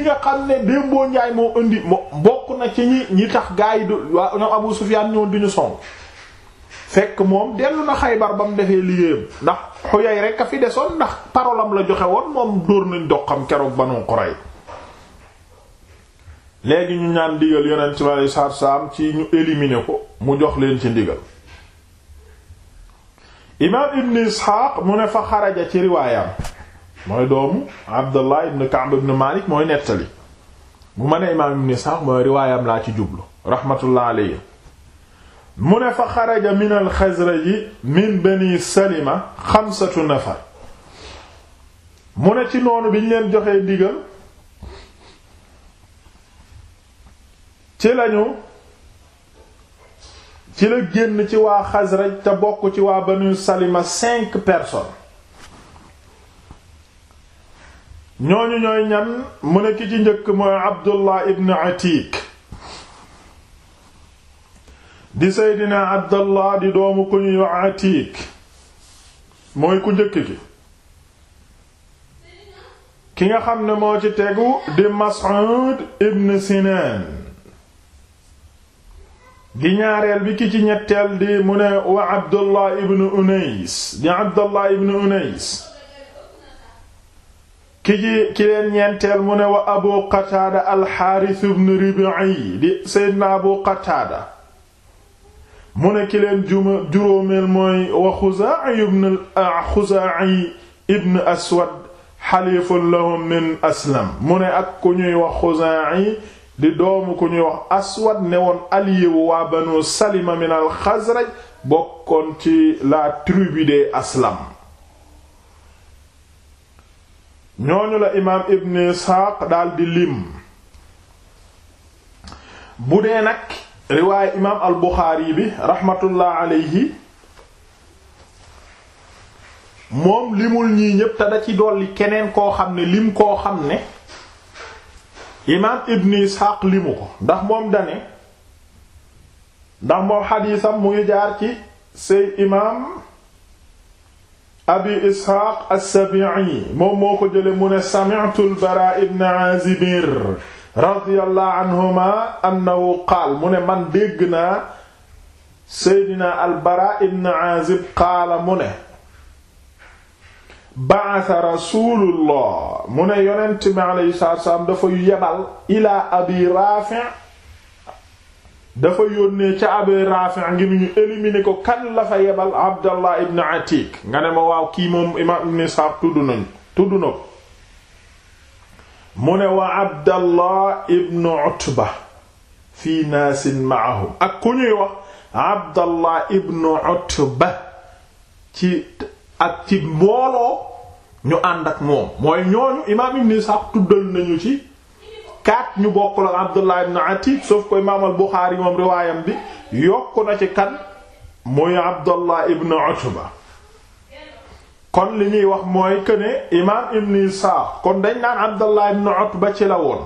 nga xam ne démboo njaay moo indi moo bokk na ci ñi ñi tax gaa yi du waa ñoom Abu Sufyaan ñoon duñu song fekk moom dellu na xaybar ba mu defee liggéeyam ndax xuyay rekk a fi desoon ndax parolam la joxe woon moom dóor nañ doxam keroog Banu Qurayza léegi ñu ñaan ndigal yonent bi aleyhi salaatu salaam ci ñu éliminer ko mu jox leen ci ndigal imaam ibn isxaaq mu ne fa xaraja ci riwaayam mooy doomu abdullah ibn ka'b ibn malik mooy nettali bu ma ne imaam ibn isxaaq mooy riwaayam laa ci jublu rahmatullah aleyhi mu ne fa xaraja min yi min bani salima xamsatu nafar mu ne ci noonu bi ñu leen joxe ndigal ci lañu ci la génn ci waa Xasraj te bokk ci waa Banu Salima cinq personnes ñooñu ñooy ñan mu ne ki ci njëkk mooy Abdullah ibn Atik di Seydina Abdallah di doomu ku ñuy wax Atik mooy ku njëkk ki ki nga xam ne moo ci tegu di Mas'ud ibn Sinan di ñaareel bi ki ci ñetteel di mu ne wa abdullah ibn unays di abdullah ibn unays ki ci ki leen ñeenteel mu ne wa abu qataada alxaaris ibn ribi'i di seydna abu qataada mu ne ki leen juróomeel mooy wa xuzaa'i ah, ibn aswad xaliifun lahum min aslam mu ne ak ku ñuy wax xuzaa'i di doomu ku ñuy wax aswad ne woon allié waa banu salima min al xasraj bokkoon ci la tribu des aslam ñooñu la imaam ibn isxaaq daldi lim bu dee nag riwaaye imaam al buxaari bi raxmatullah aleyhi moom limul ñii ñépp te ci dolli keneen koo xam ne lim koo xam ne imaam ibn Isxaaq limu ko ndax moom dane ndax moom xadiisam mu jaar ci say imaam abi Isxaaq as-Sabi'i moom moo ko jële mu ne sami'tu al-Baraa ibn Aazib radiyallahu anhuma qaal mu ne man dégg seydina al-Baraa ibn Aazib qaala mu ne ba'atha rasulullah mu ne yonent bi alayhi salaatu wasalaam dafa yebal ilaa abi raafi' dafa yónnee ca abi raafi' ngir ñu éliminer ko kan la yebal abdallah ibn atik nga ne ma waaw kii moom imaam ibn Isxaaq tudd nañ ko mu ne wa abdallah ibn utba fi naasin ma'ahum ak ku ñuy wax abdallah ibn utba ci ak ci mbooloo ñu ànd ak moom mooy ñooñu imaam ibn Ishaq tuddal nañu ci kaat ñu bokk la Abdullah ibn Atiq sauf ko imaam al moom riwaayam bi yokk na ci kan muy Abdullah ibn Utba kon li ñuy wax mooy que imaam ibn Ishaq kon dañ naan Abdullah ibn Utba ci la woon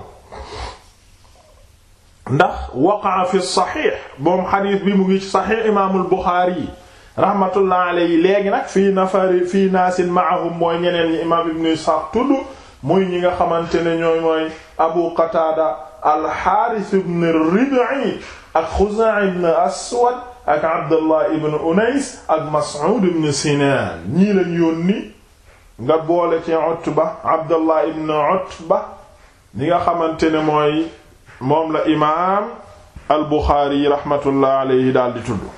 ndax waqaa fi saxiix moom xadiis bi mu ngi ci saxiix imaamul Bukhari yi rahmatullah alayhi léegi nag fii nafari fii naasin ma'ahum mooy ñeneen ñi imaam ibn Isxaaq tudd muy ñi nga xamante ne ñooy mooy Abu Qataada al-Haaris ak Xuzaa ibn Aswad ak ak Mas'ud ibn Sinaan ñii lañ nga boole ci Utba Abdullah ibn Utba ñi nga xamante ne mooy moom la imaam al-Buxaari rahmatullah alayhi daal di tudd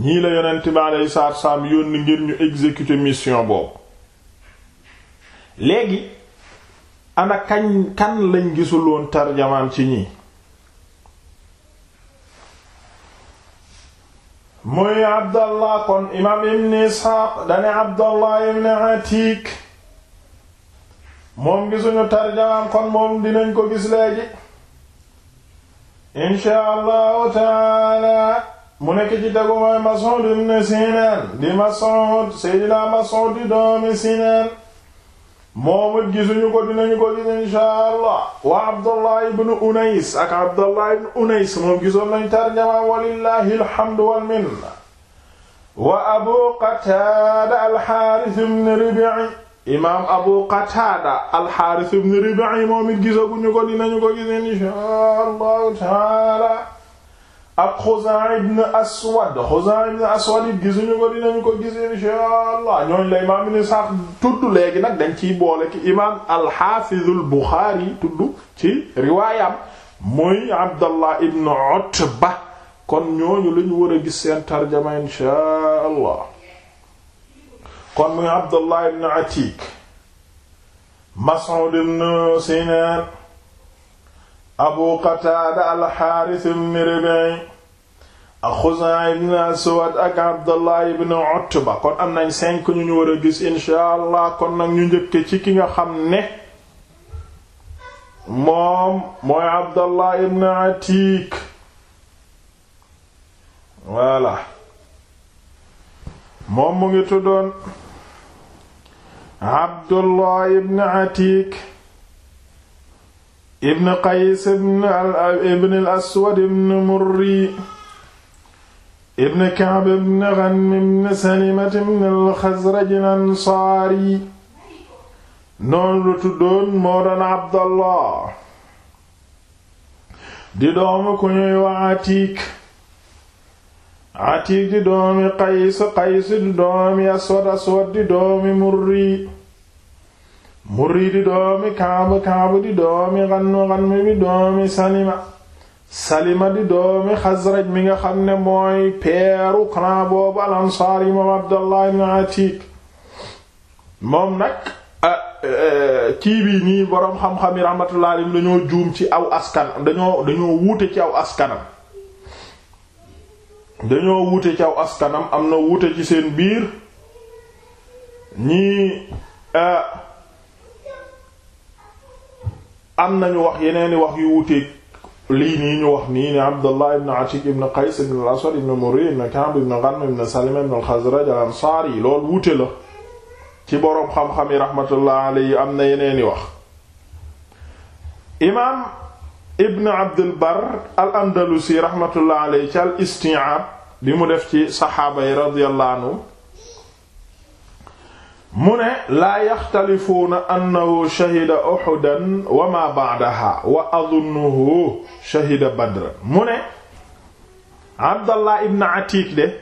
ñii la yonent bi aleyhi salaatu salaam yónni ngir ñu exécuter mission boobu léegi ana kañ kan lañ gisuloon tarjamaan ci ñi mooy abdallah kon imaam ibn isxaaq dane abdallah ibn atiik moom gisuñu tarjamaan kon moom dinañ ko gis léegi insha allahu taala mu nekk ci dëggu mooy Mas'ud ibn Sinaan di Mas'ud Seydina Mas'ud di doomi Sinaan moom it gisuñu ko dinañu ko gis inshaa Allah wa Abdullah ibn Unays ak Abdullah ibn Unays moom gisoon nañu tarjama walillahi alhamdu wal minna wa Abu Qataada al-Haaris ibn Rib'i imaam Abu Qataada al-Haaris ibn Rib'i moom it gisaguñu ko dinañu ko gis inshaa Allah taala ak Xuzaa ibn Aswad Xuzaa ibn Aswad it gisuñu ko dinañu ko gis inshaa Allah ñooñ la imaam ibn Isxaaq tudd léegi nag dañ ciy boole ki imaam al-Xaafizul Buxaari tudd ci riwaayam muy Abdallah ibn Utba kon ñooñu lañu war a gis seen tarjama inshaa Allah kon muy Abdallah ibn Atiik Mas'ud ibn Sinaan Abu Qataada al-Haaris ibn Ribay ak ibn Aswad ak Abdullah ibn Utba kon am nañ cinq ñu ñu war a gis insha allah kon nag ñu njëkke ci ki nga xam ne moom mooy Abdallah ibn Atik ibn Atik ibn Qays ibn Aswad ibn Murri ibn Ka'b ibn Ghanm ibn Salimah ibn al-Khazraj al-Ansaari noonu la tuddoon moo doon Abdallah di doomu ku ñuy wa Atiik Atiik di doomi Qays Qays di doomi Aswad Aswad di doomi Murri Murri di doomi Ka'b Ka'b di doomi Ghanm Ghanm di doomi Salima salima di doomi xasraj mi nga xam ne mooy peeru clan boobu al yi moom abdallah ibn atik moom nag ah, eh, eh, kii bi nii boroom xam-xam yi rahmatullah alayhim dañoo juum ci aw askan dañoo dañoo ci aw askanam dañoo wuute ci aw askanam am na wuute ci seen biir ñii eh, am nañu wax yeneeni wax yu wuute lii nii ñu wax nii ne Abdullah ibn Atik ibn Qays ibn al-Aswad ibn Murri ibn Ka'b ibn Ghanm ibn Salima ibn al ansari loolu wuute la ci boroom xam-xam yi rahmatullah alayhi am na yeneeni wax imaam ibn Abdul Barr al-Andalusi rahmatullah alayhi ci al-Isti'ab bi mu def ci saxaaba yi radiyallahu anhu mu ne laa yaxtalifuuna annahu shahida uhudan wa ma ba'daha wa adunnuhu shahida badr mu ne abdallah ibn atik de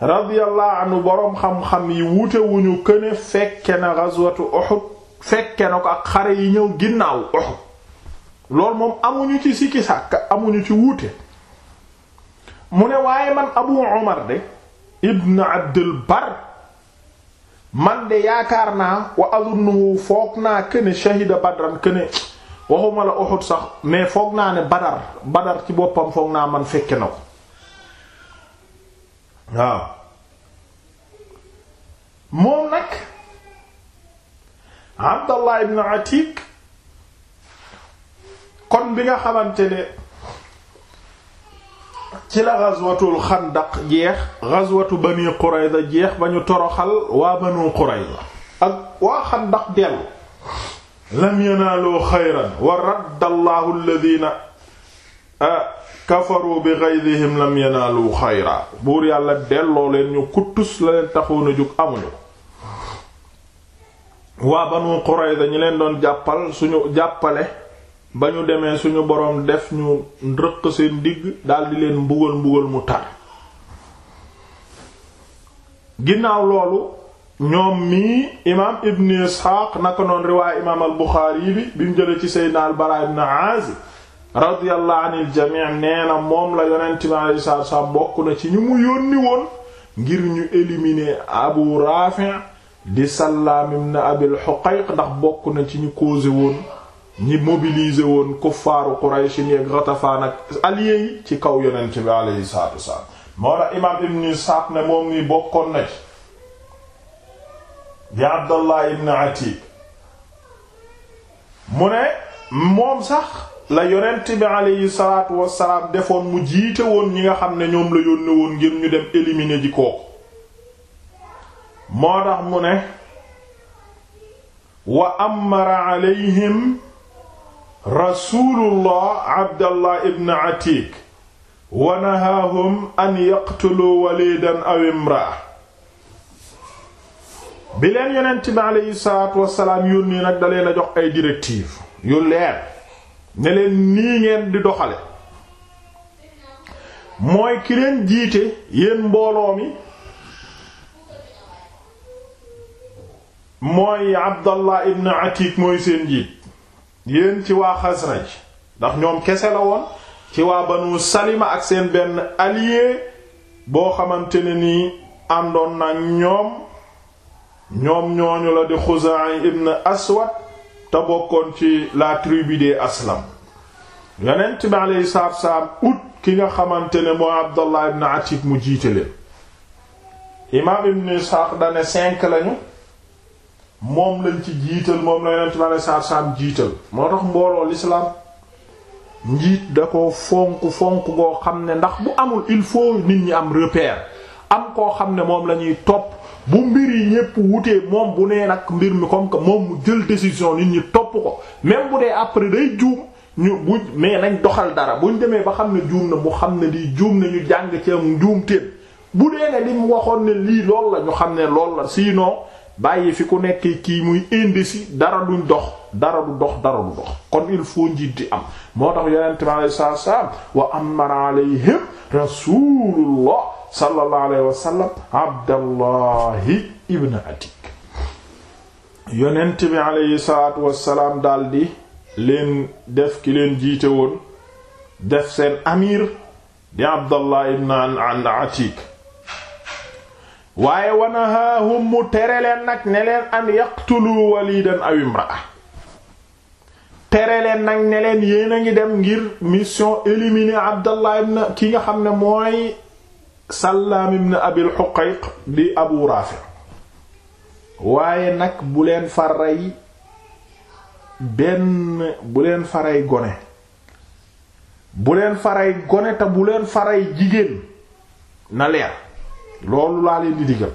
radiyallahu anhu boroom xam-xam yi wuute wuñu këne fekke na ghazwatu uhud fekke na ko ak xare yi ñëw ginnaaw uhud loolu moom amuñu ci sikki sàkk amuñu ci wuute mu ne waaye man abu umar de ibn abdul man de yaakaar naa wa azunnu foog naa këne shahida badran këne waxuma la Uhud sax mais foog naa ne badar badar ci boppam foog naa man fekke na ko waaw moom nag Abdallah ibn Atik kon bi nga xamante ne ci la ghazwatul xandaq jeex ghazwatu bani qurayza jeex ba ñu toroxal waa banu qurayza ak waa xandaq dellu lam yanaaloo xayran wa raddallahu alladhina kafaru bi ghaydihim lam yanaalu buur yàlla delloo leen ñu kuttus la leen taxoon a jóg amuñu waa banu qurayza ñi leen doon jàppal suñu jàppale ba ñu demee suñu boroom def ñu ndrëq seen digg daldi leen mbugal mbugal mu tar ginnaaw loolu ñoom mii imaam ibn isxaaq naka noon riwaay imaam al buxaari bi bi mu jële ci seydina al bara ibn aazib radiyallahu anil jamii nee na moom la yonent bi alayhi bokk na ci ñu mu yónni woon ngir ñu éliminer abu raafi' di sallaam abil xuqayq ndax bokk na ci ñu causé woon ñi mobiliser woon kuffaaru Quraysh ni ak Ghatafaan ak alliés yi ci kaw yonent bi alayhi salaatu wassalaam moo tax imaam ibn Isxaaq ne moom ni bokkoon na ci di Abdallah ibn mu ne moom sax la yonent bi alayhi wassalaam defoon mu jiite woon ñi nga xam ne ñoom la yónnee woon ngir ñu dem éliminer ji kooku moo tax mu ne wa amara alayhim rasulullah abdallah ibn atik wa nahaahum an yaqtuluu walidan aw imraa bi leen yonent bi aleyhi salaatu wasalaam yónni nag da leen jox ay directives yu leer ne leen nii ngeen di doxale mooy ki leen jiite yéen mbooloo mi mooy abdallah ibn atik mooy seen jiit yéen ci waa Xasraj ndax ñoom kese la woon ci waa Banu Salima ak seen benn allié boo xamante ne nii àndoon na ñoom ñoom ñooñu la di Xuzaa'i ibn Aswad te bokkoon ci la tribu des Aslam yonent bi alayhi salaatu salaam ut ki nga xamante ne moo Abdallah ibn Atik mu jiite leen imaam ibn Isxaaq dane cinq lañu moom lañu ci jiital moom la yonent bi alayhi salaatu jiital moo tax mbooloo lislaam njiit da ko fonk fonk goo xam ne ndax bu amul il faut nit ñi am repère am koo xam ne moom la ñuy topp bu mbir yi ñépp wutee moom bu nee nag mbir mi comme que moom mu jël décision nit ñi topp ko même bu dee après day juum ñu bu mais nañ doxal dara buñ demee ba xam ne juum na mu xam ne lii juum na ñu jàng ci am juum téen bu dee ne li mu waxoon ne lii lool la ñu xam ne lool la sinon bàyyi fi ku nekk kii muy indécis dara duñ dox dara du dox dara du dox kon il faut njiit di am moo tax yonente mi alei salatu salaam wa amara alayhim rasulullah sallallahu alayhi wa sallam abdallahi ibn atik yonent bi aleyhi salatu wasalaam daldi leen def ki leen jiite woon def seen amir di abdallah ibn an atik waaye wanahaahum mu tere leen nag ne leen an yaqtulu walidan aw imraa tere leen nag ne leen a ngi dem ngir mission éliminer Abdallah ibn ki nga xam ne mooy Sallaam ibn Abil Huqayq di Abu Raafi waaye nag bu leen fa rey benn bu leen fa rey gone bu leen fa rey gone te bu leen fa rey jigéen na leer loolu laa leen di digal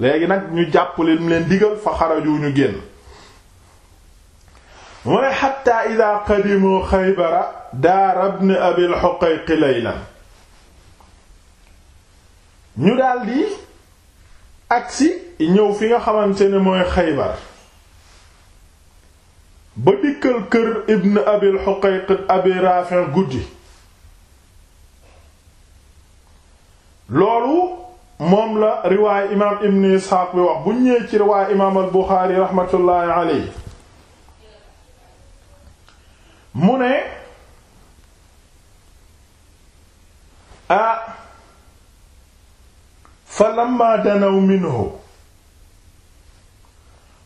léegi nag ñu jàpp leen leen digal fa xaraju ñu génn mu ne xatta ida xaybara daara abil xuqayq laylan ñu daldi agsi ñëw fi nga xamante ne mooy xaybar ba dikkal kër ibn abil xuqayq abi guddi loolu moom la riwaay imaam ibn Isxaaq bi wax bu ñëwee ci riwaay imaam al Buxaari raxmatullaahi alayhi mu ne ah fa lamma danaw minhu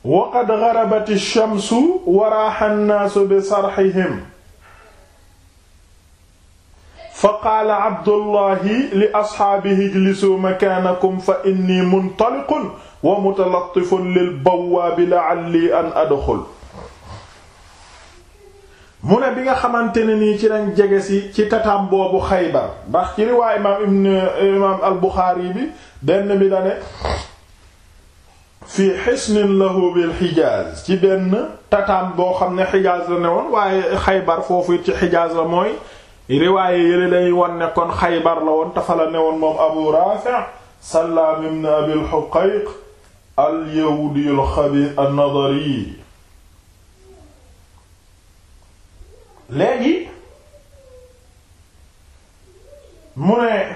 wa qad garabat ash-shamsu wa raaxa an-naasu bi sarxihim fa qaala abdullahi li asxaabihi ijlisuu makaanakum fa inni muntaliqun wa mutalatifun lil bawwaabi la'alli an adxul mu ne bi nga xamante ne nii ci lañ jege ci tataam boobu xaybar ndax ci riwaay imaam ibn imaam al buxaari bi benn bi dane fii xisnin lahu bil xijaaz ci benn tataam boo xam ne xijaaz la ne woon waaye xaybar foofu it ci xijaaz la mooy riwaaye yële dañuy won ne kon xaybar la woon tafa la ne woon moom abu raafi' salaam ibn abil huqayq al yahuudi al xabiis an léegi mu ne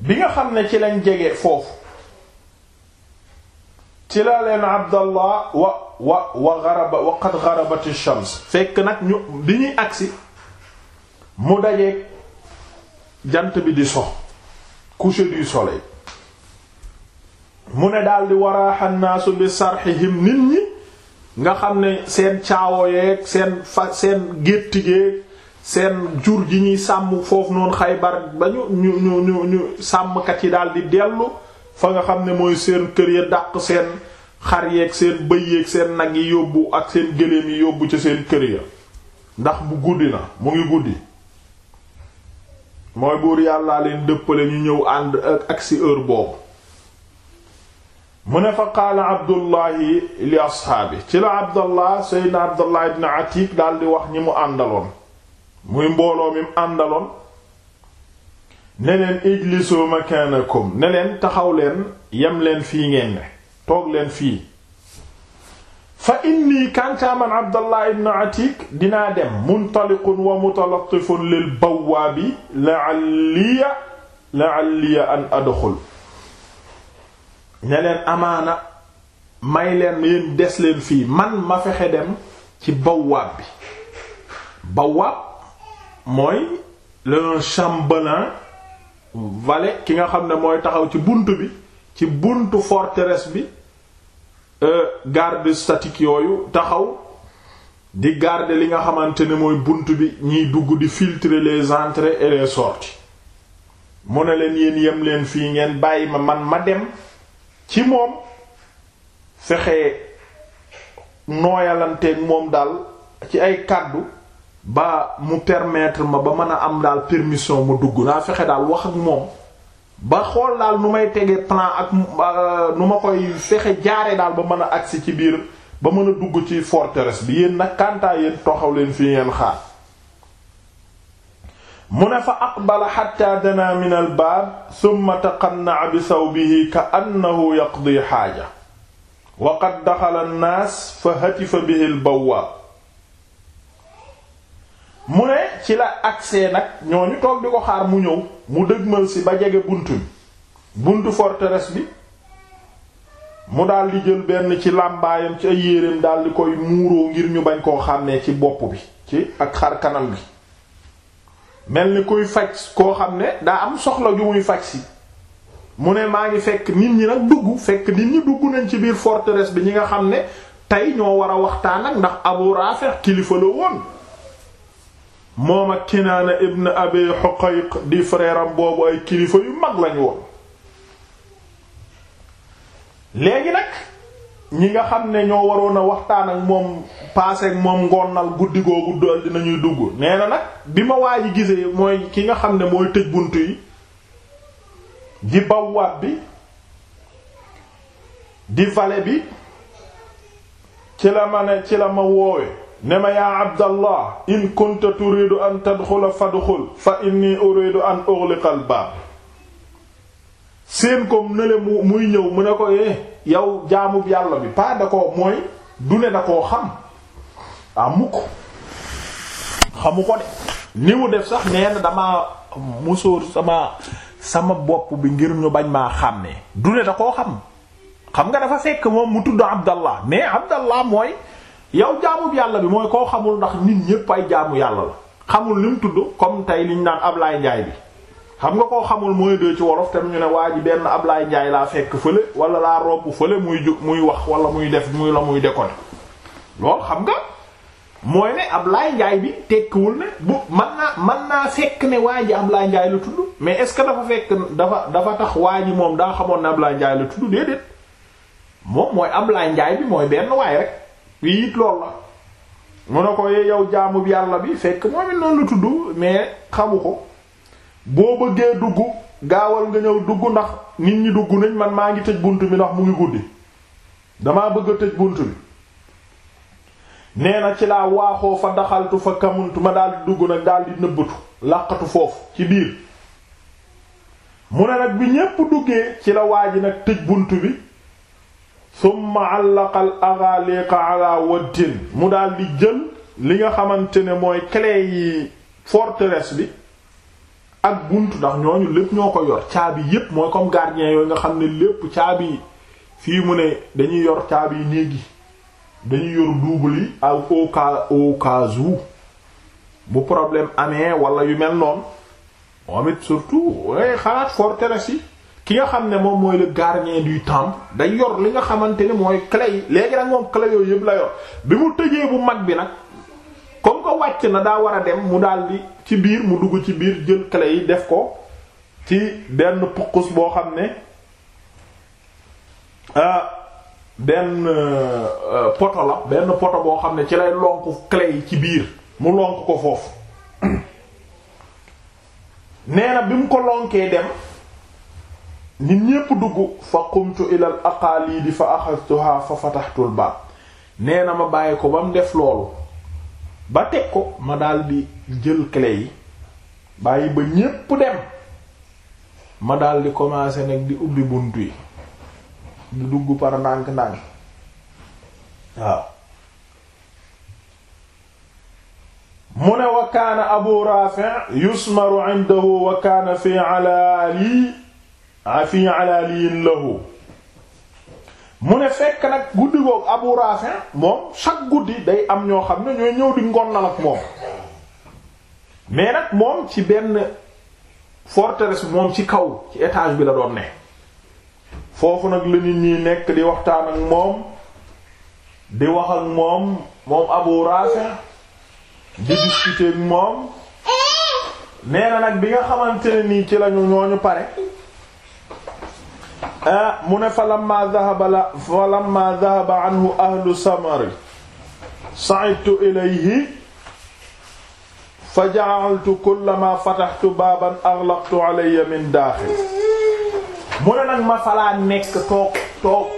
bi nga xam ne ci lañ jege foofu ci la leen abdallah wa wa wa gharaba wa qad shams fekk nag ñu bi ñuy agsi mu dajeeg jant bi di sox coucher du soleil mu ne daldi di waraaxan naasu bi sarxihim nit ñi nga xam ne seen caawo yeeg seen fa seen gétti geeg seen jur ji ñuy sàmm foofu noonu Xaybar ba ñu ñu ñu ñu sàmmkat yi daal di dellu fa nga xam ne mooy seen kër yi dàq seen xar yeeg seen bëy yeeg seen nag yi yóbbu ak seen gëléem yi yóbbu ca seen kër ya ndax bu guddi na mu ngi guddi mooy buur yàllaa leen dëppale ñu ñëw ànd ak si heure boobu mu ne fa qaala abdullahi li asxaabi ci la abdallah seydna abdallah ibn atik daldi wax ñi mu àndaloon muy mbooloo mi mu àndaloon ne leen ijlisu makanakum ne leen taxaw leen yem leen fii ngeen ne toog leen fii fa inni kantaa abdallah ibn atik dinaa dem muntaliqun wa mutalatifun lil bawaabi la'alliya la'alliya an adxul ne leen amaana may leen yéen des leen fii man ma fexe dem ci bawaab bi bawaab mooy le chambellan valet ki nga xam ne mooy taxaw ci bunt bi ci buntu forteresse bi euh, garde statique yooyu taxaw di garder li nga xamante ne mooy bunt bi ñuy dugg di filtrer les entrées et les sorties mu ne leen yéen yem leen fii ngeen bàyyi ma man ma dem ci moom fexe nooyalanteeg moom daal ci ay kàddu ba mu permettre ma ba mën a am daal permission mu dugg naa fexe daal wax ak moom ba xool daal nu may tege plan ak euh, nu ma koy fexe jaare daal ba mën a agsi ci biir ba mën a dugg ci forteresse bi yéen nag kantaa yéen fii ngeen xaar mu ne fa aqbala xatta dana min al baab summa taqanna'a bi sawbihi ka annahu yaqdi xaaja wa qad daxala an naas fa hatifa bihi al bawaab mu ne ci la agsee nag ñooñu toog di ko xaar mu ñëw mu dëgmal si ba jege bunt bi buntu forteres bi mu daal di jël benn ci làmbaayam ci ay yéreem daal di koy muuroo ngir ñu bañ koo xàmmee ci bopp bi ci ak xar kanam gi mel ni kuy faj koo xam ne daa am soxla ju muy faj si mu ne maa ngi fekk nit ñi nag dugg fekk nit ñi dugg nañ ci biir forteresse bi ñi nga xam ne tey ñoo war a waxtaan ak ndax Abu Rafi' kilifa la woon moom ak Kinaana ibn Abi Huqayq di frère am boobu ay kilifa yu mag lañu woon léegi nag ñi nga xam ne ñoo waroon a waxtaan ak moom paase ak moom ngoonal guddi googu dal dinañuy dugg nee na nag bi ma waa ji gisee mooy ki nga xam ne mooy tëj bunt yi di bawwaat bi di vale bi ci la ma ne ci la ma woowe ne ma yaa abdallah in kunta turidu an tadxula fadxul fa inni uridu an ughliqa baab seen kom nele mu muy ñëw mu ne ko eh yow jaamub yàlla bi pas da ko mooy du ne da koo xam ah, amu ko de ni mu def sax nee dama damaa musóor sama sama bopp bi ngir ñu bañ maa xàmmee du ne da koo xam xam nga dafa fekk moom mu tudd abdallah mais abdallah mooy yow jaamub yàlla bi mooy koo xamul ndax nit ñépp ay jaamu yàlla la xamul li mu tudd comme tey liñ naan Ablaye Ndiaye bi xam nga koo xamul mooy ci wolof tam ñu ne waa ji benn ab laay Ndiaye laa fekk fële wala laa romb fële muy ju muy wax wala muy def muy la muy déconné loolu xam nga mooy ne Ablaye Ndiaye bi tekkiwul ne bu man naa man naa fekk ne waa ji Ablaye Ndiaye la tudd mais est-ce que dafa fekk dafa dafa tax waa ji moom daa xamoon ne Ablaye Ndiaye la tudd déedéet moom mooy Ablaye Ndiaye bi mooy benn waay rek. fii it loolu la mu ne ko eh, yow jaamu yàlla bi fekk moom it noonu la tudd mais xamu ko boo bëggee dugg gaawal nga ñëw dugg ndax nit ñi dugg nañ man maa ngi tëj bunt bi ndax mu ngi guddi damaa bëgg a tëj bunt bi nee na ci laa waaxoo fa daxaltu fa kamuntu ma daldi dugg nag daldi nëbbatu làqatu foofu ci biir mu ne nag bi ñépp duggee ci la waa ji nag tëj bunt bi summa allaqa al aghaliqa ala waddin mu daldi di jël li nga xamante ne mooy clé yi forteresse bi ak bunt ndax ñooñu lépp ñoo ko yor caabi yépp mooy comme gardien yooyu nga xam ne lépp caabi fii mu ne dañuy yor caabi néeg yi dañuy yor double yi ak au cas bu problème amee wala yu mel noonu moom it surtout way eh, xalaat forteresse yi ki nga xam ne moom mooy la gardien du temple da yor li nga xamante ne mooy clé yi nag moom clé yooyu yëpp la yor bi mu tëjee bu mag bi nag comme que wàcc na daa war a dem mu daldi ci biir mu dugg ci biir jël clé yi def ko ci benn pukus boo xam ne euh, benn euh, poto la benn poto boo xam ne ci lay lonk clé yi ci biir mu lonk ko foofu nee na bi mu ko lonkee dem. nit ñépp dugg fa qumtu ila al aqaalidi fa axadtuha fa fataxtu al baab nee na ma bàyyi ko ba mu def loolu ba teg ko ma daldi jël clé yi bàyyi ba ñépp dem ma daldi commencer nag di ubbi bunt yi dugg par ndànk-ndànk waaw mu ne wa abu raafi yusmaru indahu wa kaana fi afi alaaliyin lahu mu ne fekk nag guddi googu abu rafin moom chaque guddi day am ñoo xam ne ñooy ñëw di ngonnal ak moom mais nag moom ci benn forteresse moom ci kaw ci étage bi la doon ne foofu nag la nit ñi nekk di waxtaan ak moom di wax ak moom moom abu rafin di discuter moom nee na nag bi nga xamante ne nii ci lañu ñooñu pare Eh, mu ne fa lamma dahaba la fa lamma dahaba anhu ahlu samari sa'idtu ilayhi fa ja'altu kullama fatahtu baaban aghlaqtu alayya min daaxil mu ne nag ma falaa nekk toog toog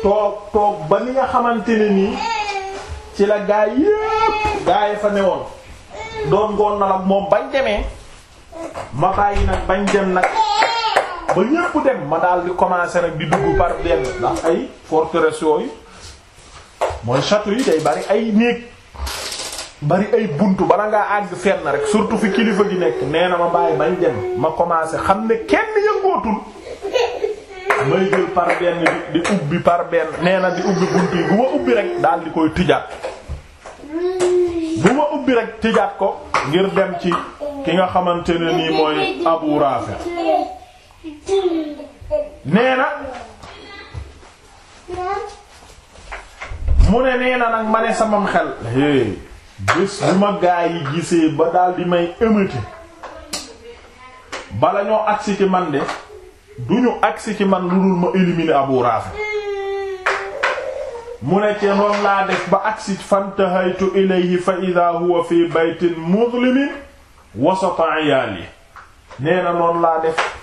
toog toog ba ni nga xamante ne nii ci la gaa yépp gaa yi fa newoon doon goon na la moom bañ demee ma bàyyi nag bañ dem nag ba ñépp dem ma daal di commencer nag di dugg par benn ndax ay forteresse yooyu mooy château yi day bari ay néeg bari ay buntu bala ngaa àgg fenn rek surtout fi kilifa gi nekk nee na ma bàyyi bañ dem ma commencer xam ne kenn yëngootul may jël par benn di ubbi par benn nee na di ubbi buntu yi bu ma ubbi rek daal di koy tëjaat bu ma ubbi rek tëjaat ko ngir dem ci ki nga xamante ne nii mooy Abu Rafi nee na mu ne nee na nag ma ne samam xel é bés bu ma gaa yi gisee ba daal may ëmate bala ñoo agsi ci man de du ñu agsi ci man lu dul ma éliminer Abu Rafi mu ne ci noonu laa def ba agsi fantahaytu ilayhi fa idha huwa fi baytin muzlimin wasata iyaali nee na noonu laa def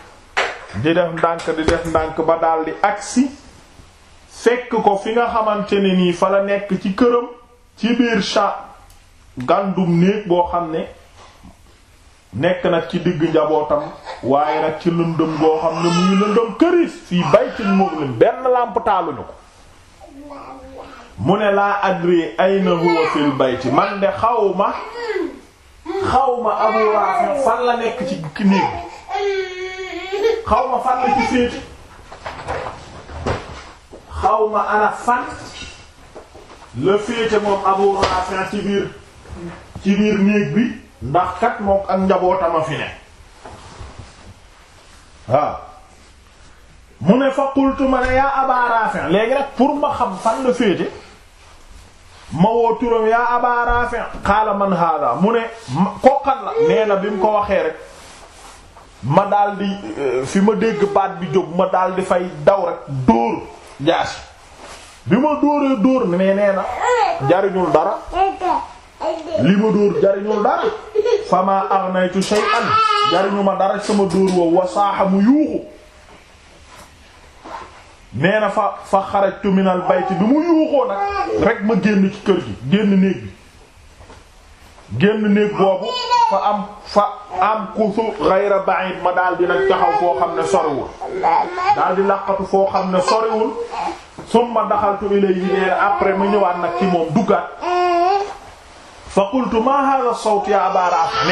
di def ndànk di def ndànk ba daldi agsi fekk ko fi nga xamante ne nii fa la nekk ci këram ci biir cha gàndum néeg boo xam ne nekk nag ci digg njabootam waaye nag ci lëndëm goo xam ne muy lëndëm këris fii baytil mu'min benn làmp taaluñu ko mu ne laa adri ayna huwa fil bayti man de xaw ma xaw ma Abu Rafi fan la nekk ci néeg bi xaw ma fan la ci féete moom Abu Rafi' ci biir ci biir néeg bi ndax kat moom ak njabootam a fi ne waaw mu ne fa qultu ma ne yaa Aba Rafi' léegi rek pour ma xam fan la féete ma woo turam yaa Aba Rafi' qaala man mu ne kookan la nee bi mu ko waxee rek ma daal di euh, fi ma dégg baat bi jóg ma daal di fay daw rek dóor jaasi bi ma dóoree dóor ne nee na jariñul dara li ma dóor jariñul dara fama aghnaytu shay'an jariñu ma dara sama dóor wa wasaaxa mu yuuxu nee fa fa xarajtu min al bayt bi mu yuuxoo nag rek ma génn ci kër gi génn néeg bi génn néeg boobu fa am fa am kusu ghayra ba'id ma daal di nag taxaw foo xam ne soriwul daal di laqatu foo xam ne soriwul summa daxaltu ilayhi nee na après mu ñëwaat nag ci moom duggaat fa qultu ma hadha sawt ya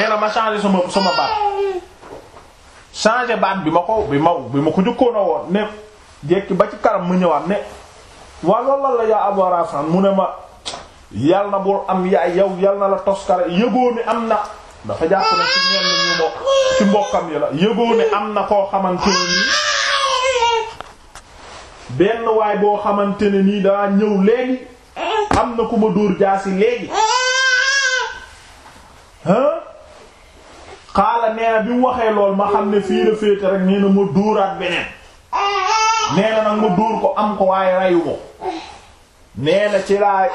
na ma changé sama sama baat bi ma ko bi ma bi ma ko jëkkoon woon ne jekki ba ci kanam mu ñëwaat ne waaw loolu la ya Aba Rafi mu ne ma yal na bul am yaay yow yal na la toskare yëgoo ni am na dafa jàpp ne ci ñenn ñu mbokk ci mbokkam yi la yëgoo ne am na koo xamante ne nii benn waay boo xamante ne nii daa ñëw léegi am na ku ma dóor jaasi léegi hein xaala nee na bi mu waxee lool ma xam ne fii la féete rek nee na ma dóoraat beneen nee na nag ma dóor ko am ko waaye reyu ko ci laa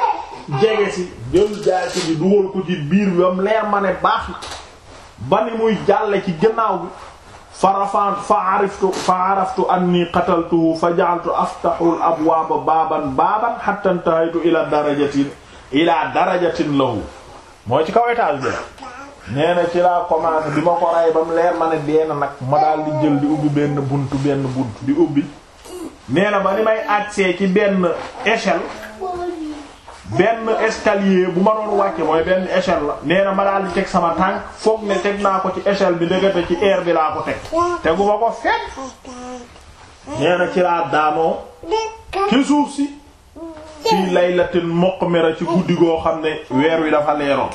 jege si jël jaay si bi dugal ci biir bi am leer ma ne baax ba ni muy jàlle ci gannaaw bi fa rafant fa ariftu fa araftu anni qataltuhu fa ja'altu aftahu al baaban baaban hatta intahaytu ila darajatin ila darajatin ci kaw étage bi ci laa commencé bi ma ko ba mu leer ma ne dee na nag ma daal jël di ubbi benn buntu benn buntu di ubbi nee ba ni may accès ci benn échelle benn escalier bu ma doon wàcce mooy benn échelle la nee na ma daal di teg sama tànk foog ne teg naa ko ci échelle bi ndekete ci air bi laa ko teg tegu ma ko fenn nee ci laa daanoo ci suuf si ci guddi goo xam ne weer wi dafa leeroon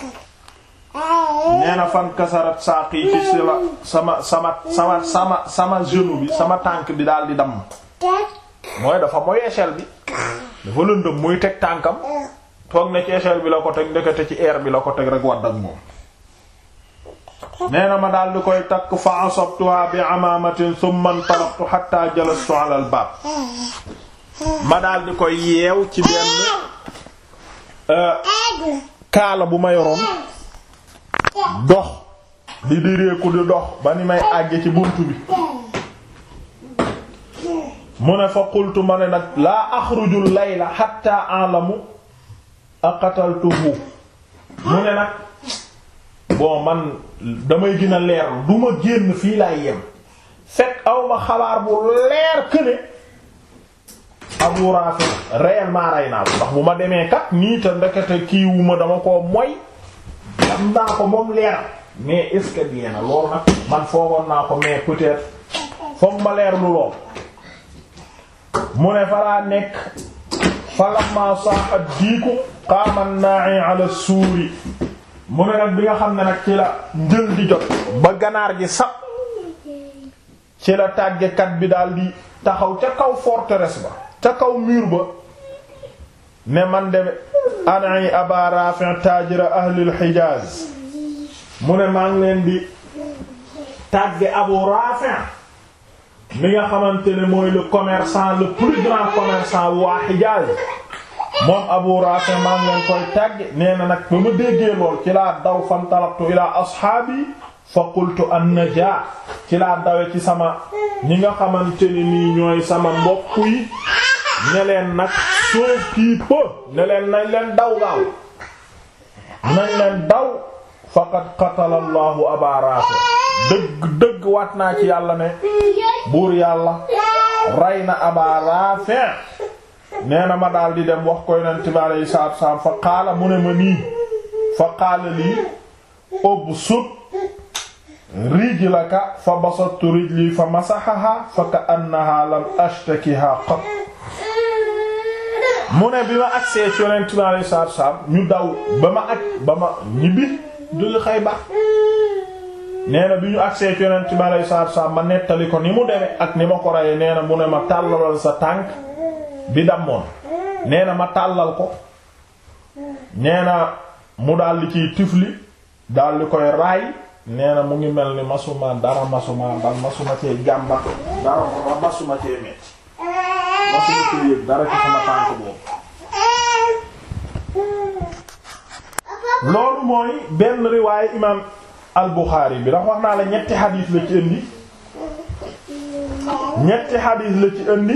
nee na fan kasarat saaqi ci sila sama sama sama sama sama genou bi sama tànk bi daal di damm mooy dafa mooy échelle bi dafa lëndëm muy teg tànkam toog ne ci échelle bi la ko teg ndekete ci air bi la ko teg rek wadd ak moom nee ma daal di koy takk fa asabtuha bi amaamatin thumma talaqtu hatta jalastu ala al baab ma daal di koy yeew ci benn euh, kaala bu ma yoroon dox di direeku di dox ba ni may àgge ci bunt bi mu ne fa qultu ma ne nag laa axrujul layla hatta alamu aqataltuhu mu ne nag bon man damay gën a leer du ma génn fii laay yem fekk awma xabaar bu leer këne Abu Rafi réellement naa ko ndax bu ma demee kat nii te ndekete kiiwuma dama koo moy dam naa ko moom leeral mais est-ce na loolu nag man foogoon naa ko mais peut-être foog leer lu lool mu ne faraa nekk falamma saa ak diiku xaaman naai ala suuri mu ne nag bi nga xam ne nag ci la njël di jot ba ganaar gi sab ci la tàggekat bi daal di taxaw ca kaw forteresse ba ca kaw mur ba ne man de ani aba rafi' taajira ahlil hijaaz mu ne maa ngi di tàgge abu rafi' mi nga xamante ne mooy le commerçant le plus grand waa Hijaz moom Abu Rafi maa ngi koy tàgge nee na nag ba ma déggee lool ci laa daw fantalaqtu ila ashaabi fa qultu an-najaa ci laa dawe ci sama ñi nga xamante ni nii ñooy sama mbokk yi ne nag soo kii po ne nañ leen daw gaaw nañ leen daw faqad qatala allahu aba dëgg dëgg waat naa ci yàlla ne buur yàlla rey na aba rafi nee na ma daal di dem wax koy nent bi aleyhi salaatu salaam fa qaala mu ne ma nii fa qaala lii ubsut rijlaka fa basattu rijli fa masahaha fa ka'annaha lam ashtakiha qat mu ne bi ma agsee ci yonent bi aleyhi salaatu salaam ñu daw ba ma ak ba ma ñibbi jóge Xaybar nee na bi ñu agsee ci yonent bi alayhi salaatu ma nettali ko ni mu demee ak ni ma ko reyee nee na mu ne ma tàllalal sa tànk bi dammoon nee na ma tàllal ko nee na mu daal di ciy tifli daldi di koy raay nee na mu ngi mel ni masuma dara masuma dal masuma cee jàmbat dara masuma cee metti masuma cee yëg dara ci sama tànk boobu loolu mooy benn riwaaye imaam al bi ndax wax naa la ñetti xadiis la ci indi ñetti xadiis la ci indi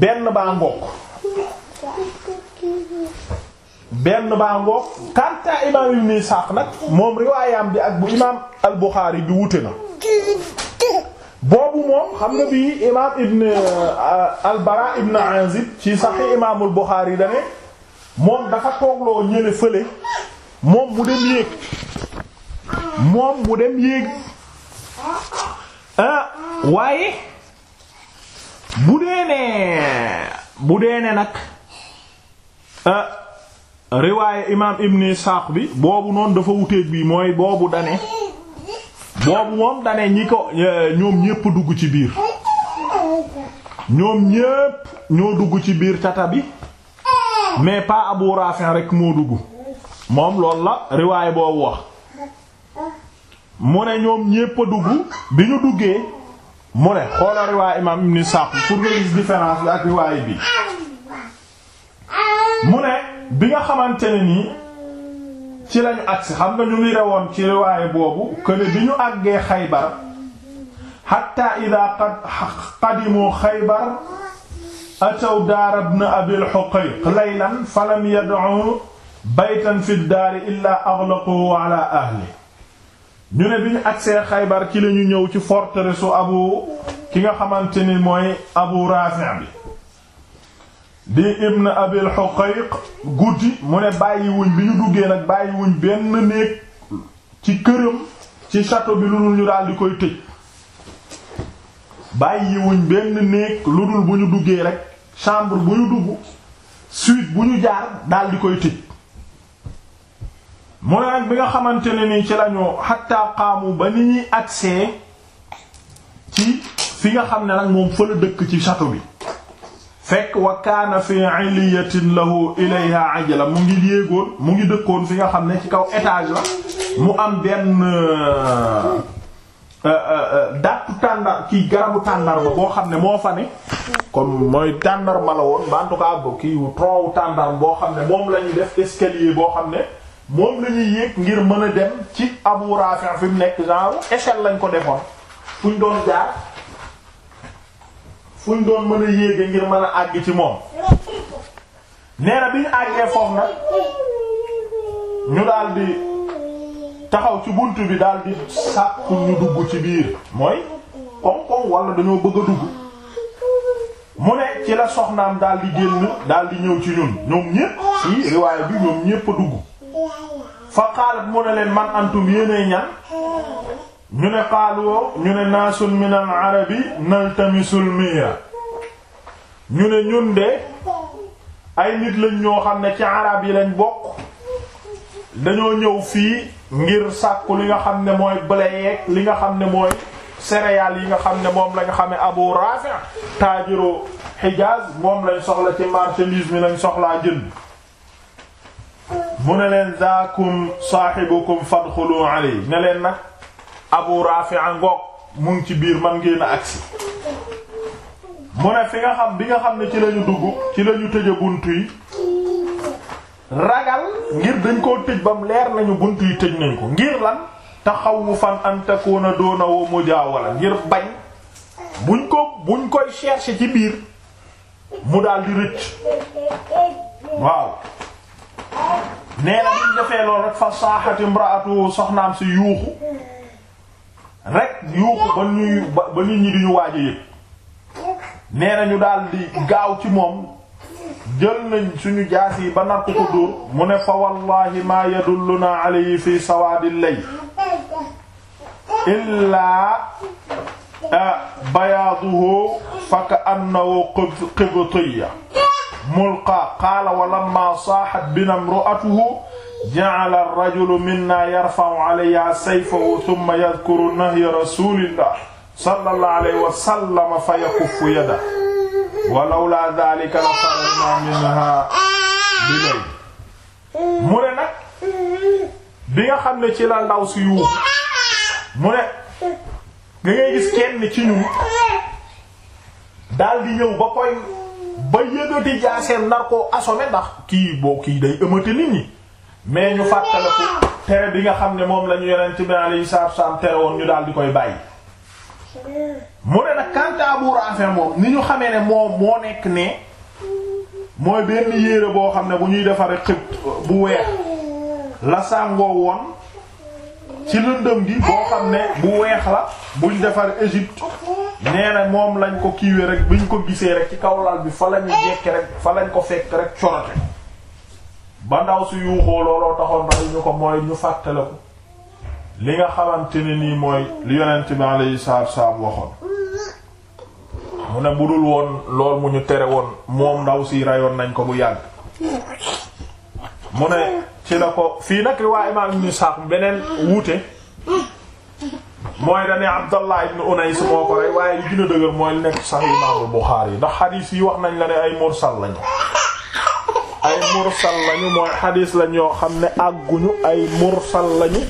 benn baa ngokk benn baa ngokk kanta imaam ibn Isaaq nag moom riwaayam bi ak bu imaam al Buxaari bi wute na boobu moom xam nga bi imaam ibn euh, al ibn Aazib ci Sahih imaamul Buxaari dane moom dafa toogloo ñële fële moom mu dem yéeg moom mu dem yéeg ah waaye bu dee ne bu dee ne nag ah riwaaye imaam Ibn Ishaq bi boobu noonu dafa wuteeg bi mooy boobu dane boobu moom dane ñi ko ñoom ñépp dugg ci biir ñoom ñépp ñoo dugg ci biir tata bi mais pas Abu Rafi rek moo dugg moom loolu la riwaay boobu wax mu ne ñoom ñépp a dugg bi ñu duggee mu ne xoola riwaay imam Ibn Sa'd pour nga différence bi ak riwaay bi mu ne bi nga xamante ne nii ci lañu agsi xam nga ñu ngi rewoon ci riwaay boobu këne bi ñu àggee Xaybar hatta idha qad Xaybar ataw daara ibn abil huqayq laylan falam yad'u baytan fi daari illaa aghlaqahu ala ahli ñu ne bi ñu agsee xaybar ci lañu ñëw ci forteresse abu ki nga xamante ni mooy abu raafi' bi di ibn abil huqayq guddi mu ne bàyyiwuñ bi ñu duggee nag bàyyiwuñ benn néeg ci këram ci château bi lu dul ñu daal koy tëj bàyyiwuñ benn néeg lu dul bu ñu duggee rek chambre bu ñu dugg suite bu ñu jaar daal di koy tëj mooy ak bi nga xamante ne nii ci lañu xatta xaamu ba ni ñuy ci fi nga xam ne nag moom fa dëkk ci château bi fekk wa kaana fi iliyatin lahu ilayha ajla mu ngi yéegoon mu ngi dëkkoon fi nga xam ne ci kaw étage la mu am benn Euh, euh, euh, dattu tàndar kii garabu tàndarma boo xam ne moo fa ne comme mooy tàndarma la woon ba en tout cas kii tronc boo xam ne moom lañuy ñuy def escalier boo xam ne moom la ñuy yéeg ngir mën a dem ci Abu Rafi fi nekk genre échelle lañ ko defoon fu ñu doon jaar fu ñu doon mën a yéege ngir mën a àgg ci moom nee bi ñu àggee foofu nag ñu daldi taxaw ci bunt bi daal di ñu dugg ci biir mooy koŋ-koŋ wala dañoo bëgg a dugg mu ne ci la soxnaam daal di génn daal di ñëw ci ñun ñoom ñépp ci riwaaya bi ñoom ñépp a dugg fa xaalat mu ne leen man antum yéenee ñan ñu ne xaaloo ñu ne naasun min al arabi naltamisul miya ñu ne ñun de ay nit lañ ñoo xam ne ci arab yi lañ bokk dañoo ñëw fii ngir sàkku li nga xam ne mooy blé li nga xam ne mooy céréales yi nga xam ne moom lañ xamee Abu Rafi taajiru Hijaz moom lañ soxla ci marchandise mi lañ soxlaa jënd mu ne leen zaakum saahibukum fadxulu alay ne leen nag Abu Rafi ngoog mu ngi ci biir man ngeen a agsi mu ne fi nga xam bi nga xam ne ci lañu dugg ci lañu tëje bunt yi ragal ngir dañ koo tëj bam leer nañu bunt tëj nañ ko ngir lan taxawufan an takuna doona woo mujaawala ngir bañ buñ ko buñ koy chercher ci biir mu daal di rëcc waaw nee na biñ defee loolu rek fa saaxati imraatu soxnaam si yuuxu rek yuuxu ba ñuy ba nit ñi di ñu waaj a nee na ñu daal gaaw ci moom jël nañ suñu jaas yi ba nar ko ko dóor mu ne fa wallahi maa yadulluna alayhi fi sawaadil lay illaa bayaaduhu fa ka annahu qibtiyya mulqa qaala wa lamma saahat bina imra'atuhu ja'ala ar-rajulu minna yarfa'u alayha sayfahu thumma yadhkuru nahya rasulillah sallallahu alayhi wa sallam fa yakuffu yadahu walawlaa daalika la farna minha bi lay mu ne nag bi nga xam ne ci la ndaw si yuux mu ne da ngay gis kenn ci ñun daal di ñëw ba koy ba yëgati jaaseem nar koo assommé ndax kii boo kii day ëmmate nit ñi mais ñu fàttaliku tere bi nga xam ne moom la ñu yonent bi alayhi salaatu wa salaam tere woon ñu daal di koy bàyyi. mu ne nag kanta Abu Rafi moom ni ñu xamee ne moom moo nekk ne mooy benn yéere boo xam ne bu ñuy defaree xib bu weex la sàngoo woon ci lëndëm gi boo xam ne bu weex la buñ defaree Égypte nee na moom lañ ko kiiwee rek buñ ko gisee rek ci kaw lal bi fa lañu jekke rek fa lañ ko fekk rek corote ba ndaw si yuuxoo looloo taxoon dañu ko mooy ñu fàttale ko li nga xamante ne nii mooy li yonent bi alayhi salaatu wassalaam waxoon mu ne bu dul woon lool mu ñu tere woon moom ndaw si rayoon nañ ko bu yàgg mu ne ci la ko fii nag riwaay imaam beneen wuute mooy dane Abdallah waaye li gën a dëgër mooy nekk Sahih imaamul Buxaari yi ndax xadiis yi wax nañ la ne ay mursal lañu ay mursal lañu mooy xadiis lañ yoo xam ne àgguñu ay mursal lañu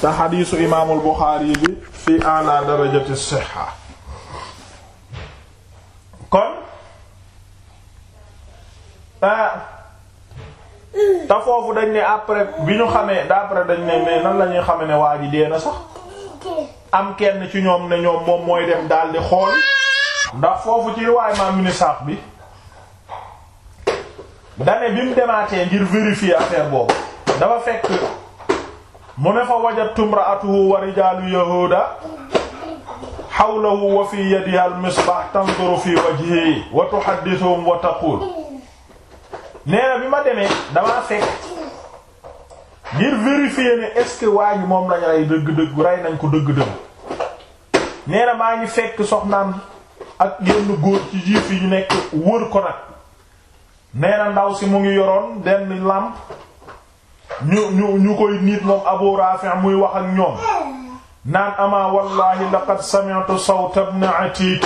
te xadiisu imaamul Buxaari bi fi ala darajati sixa kon ah, te foofu dañ ne après bi ñu xamee d'après dañ ne mais nan la ñuy xame ne waa ji dee na sax am kenn ci ñoom ne ñoom moom mooy dem daal di xool ndax foofu ci riwaay maam unisaax bi dane bi mu demaatee ngir vérifier affaire boobu dafa fekk mu ne fa wajadtu imra'atahu wa rijaalu yahuuda hawlahu wa fi yadiha misbah tanzuru fi wajhihi wa tuhaddithuhum wa taqul nee na bi ma demee damaa fekk ngir vérifier ne est moom lañ rey dëgg-dëgg rey nañ ko dëgg-dëgg nee na maa ngi fekk soxnaam ak yenn góor ci jiif yi ñu nekk wër ko nag nee na ndaw si mu ngi yoroon denn làmp ñu ñu ñu koy niit moom Abu Rafi' muy wax ak ñoom naan amaa wallahi laqad sami'tu sawta ibn Atik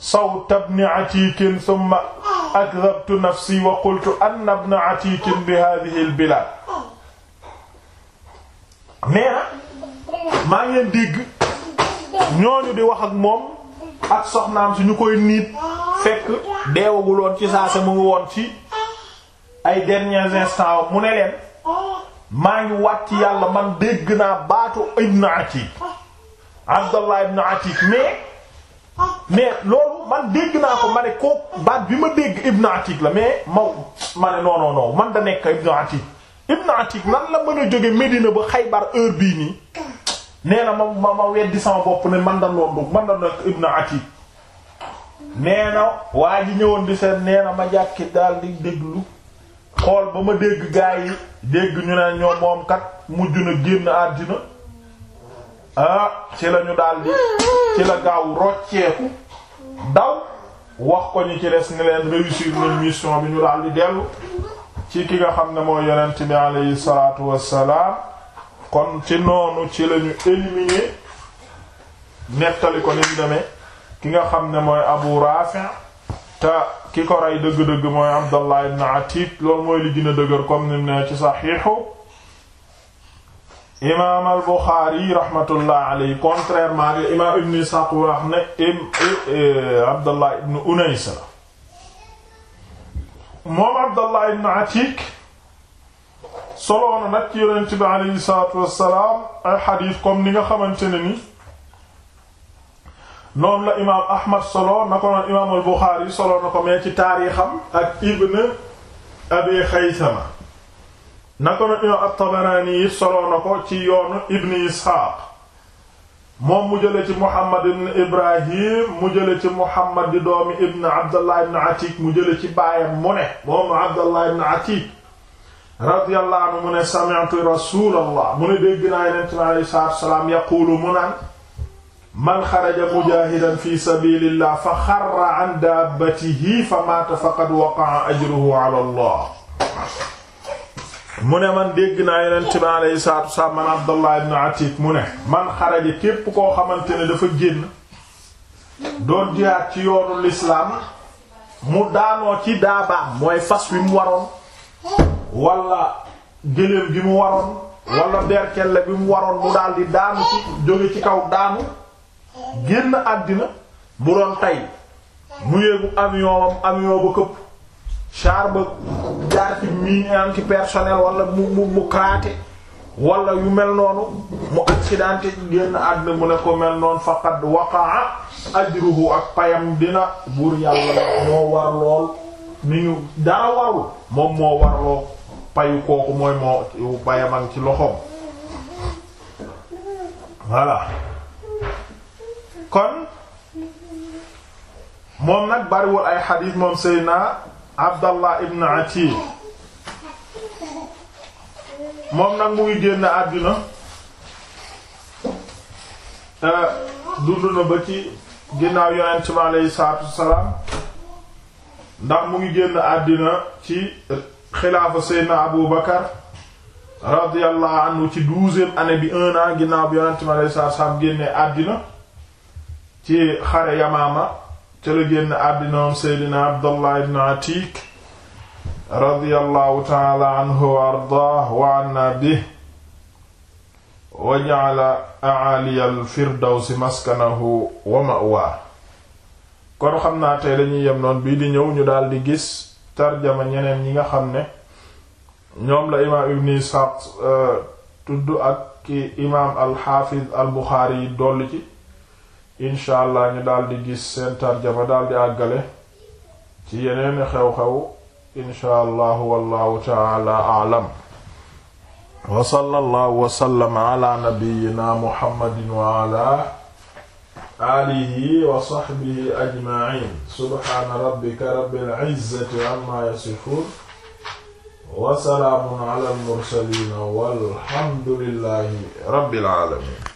sawta ibn Atik thumma akdhabtu nafsi wa qultu anna ibn Atik bi hadhihi al-bilad nee na maa ngeen dégg ñooñu di wax ak moom ak soxnaam su ñu koy niit fekk deewaguloon ci saa sa mu woon ci ay derniers instants mu ne leen maa ngi wàcc yàlla man dégg naa baatu ibn Atik Abdallah ibn Atik mais mais loolu man dégg naa ko ma ne ko baat bi ma dégg ibn Atik la mais ma ma ne non non man da nekk ibn Atik ibn Atik nan la mën a jóge Médina ba Xaybar heure bii nii nee na ma ma ma weddi sama bopp ne man da loon man da nekk ibn Atik nee na waa ji ñëwoon di seen nee na ma jàkki daal di déglu xool ba ma dégg gaa yi dégg ñu ne ñoo moom kat mujj na génn àddina ah ci la ñu daldi ci la gaaw rocceeku daw wax ko ñu ci des ni leen réussir nañ mission bi ñu daldi dellu ci ki nga xam ne mooy yonent bi alayhi salaatu wassalaam kon ci noonu ci la ñu nettali ko niñ demee ki nga xam ne mooy Abu Rafi' ta ki ko rey dëgg-dëgg mooy Abdallah ibn Atiq loolu mooy li gën a dëgër comme ni mu ne ci rahmatullah alayhi contrairement li imaam ibn Isaaq wax ne Abdallah ibn Unays la moom Abdallah ibn Atiq soloona nag ci Yonent bi alayhi ay xadiis comme ni nga xamante ne noonu la imaam Ahmad solo na ko noon imaam al Buxaari solo na ko mais ci taarixam ak Ibn Abi Xaysama na ko noon imaam at-Tabaraani yi solo na ko ci yoonu Ibn Isxaaq moom mu jële ci Muhammad ibn Ibrahim mu jële ci Muhammad di doomi Ibn Abdallah ibn Atiik mu jële ci baayam mu ne moom Abdallah ibn Atiik radiyallahu anhu mu ne sami'tu rasuulallah mu ne dégg naa Yonent bi alayhi salaatu wa salaam yaquulu mu naan man xaraja mujaahidan fi sabilillah fa xarra an daabatihi fa maata faqad waqaa ajruhu ala mu ne man dégg naa yonent bi alayhi salaatu wasalaam man Abdallah ibn Atiik mu ne man xaraja képp koo xamante ne dafa génn doon jihaad ci yoonu lislaam mu daanoo ci daabaam mooy fas wi mu waroon wala gëléem gi mu waroon wala derkelle bi mu waroon mu daal di daanu ci jóge ci kaw daanu génn àddina bu doon tey mu yéegu avion wam ba këpp char ba jaar ci miinam ci personnel wala mu mu mu karaate wala yu mel noonu mu accidenté génn àddina mu ne ko mel noonu faqad waqa'a ajruhu ak payam dina buur yàlla moo war lool ni ñu dara warul moom moo warloo payu kooku mooy moo payaman ci loxoom voilà kon moom nag bariwul ay xadiis moom Seydina Abdallah ibn Atiq moom nag mu ngi génn àddina dund na ba ci ginnaaw yonent bi aleyhi salaatu ndax mu ngi génn àddina ci xilaafa Seydina Abu Bakar radiyallahu anhu ci douzième année bi ginnaaw bi yonent bi aleyhi salaatu wassalaam génnee àddina ci xare yamaama ca la génn àddina moom seydina abdallah ibn atik radiyallahu taala anhu wa ardah wa anna bih wa ja'ala a'aliya al-firdawsi maskanahu wa ma'wa kon xam naa tey dañuy yem noon bii di ñëw ñu daldi gis tarjama ñeneen ñi nga xam ne ñoom la imaam ibn Isxaaq euh, tudd ak ki imaam al-Xaafiz al-Buxaari yi ci incha allah ñu daal di gis seen tarjama daal di àggale ci yeneeni xew-xew incha allahu wallahu taala aalam wa sallallahu wa sallama ala nabiyyina muhammadin wa ala alihi wa sahbihi ajma'in subhana rabbika rabbil izzati amma yasifun wa salaamun ala al mursalin walhamdulillahi rabbil alamin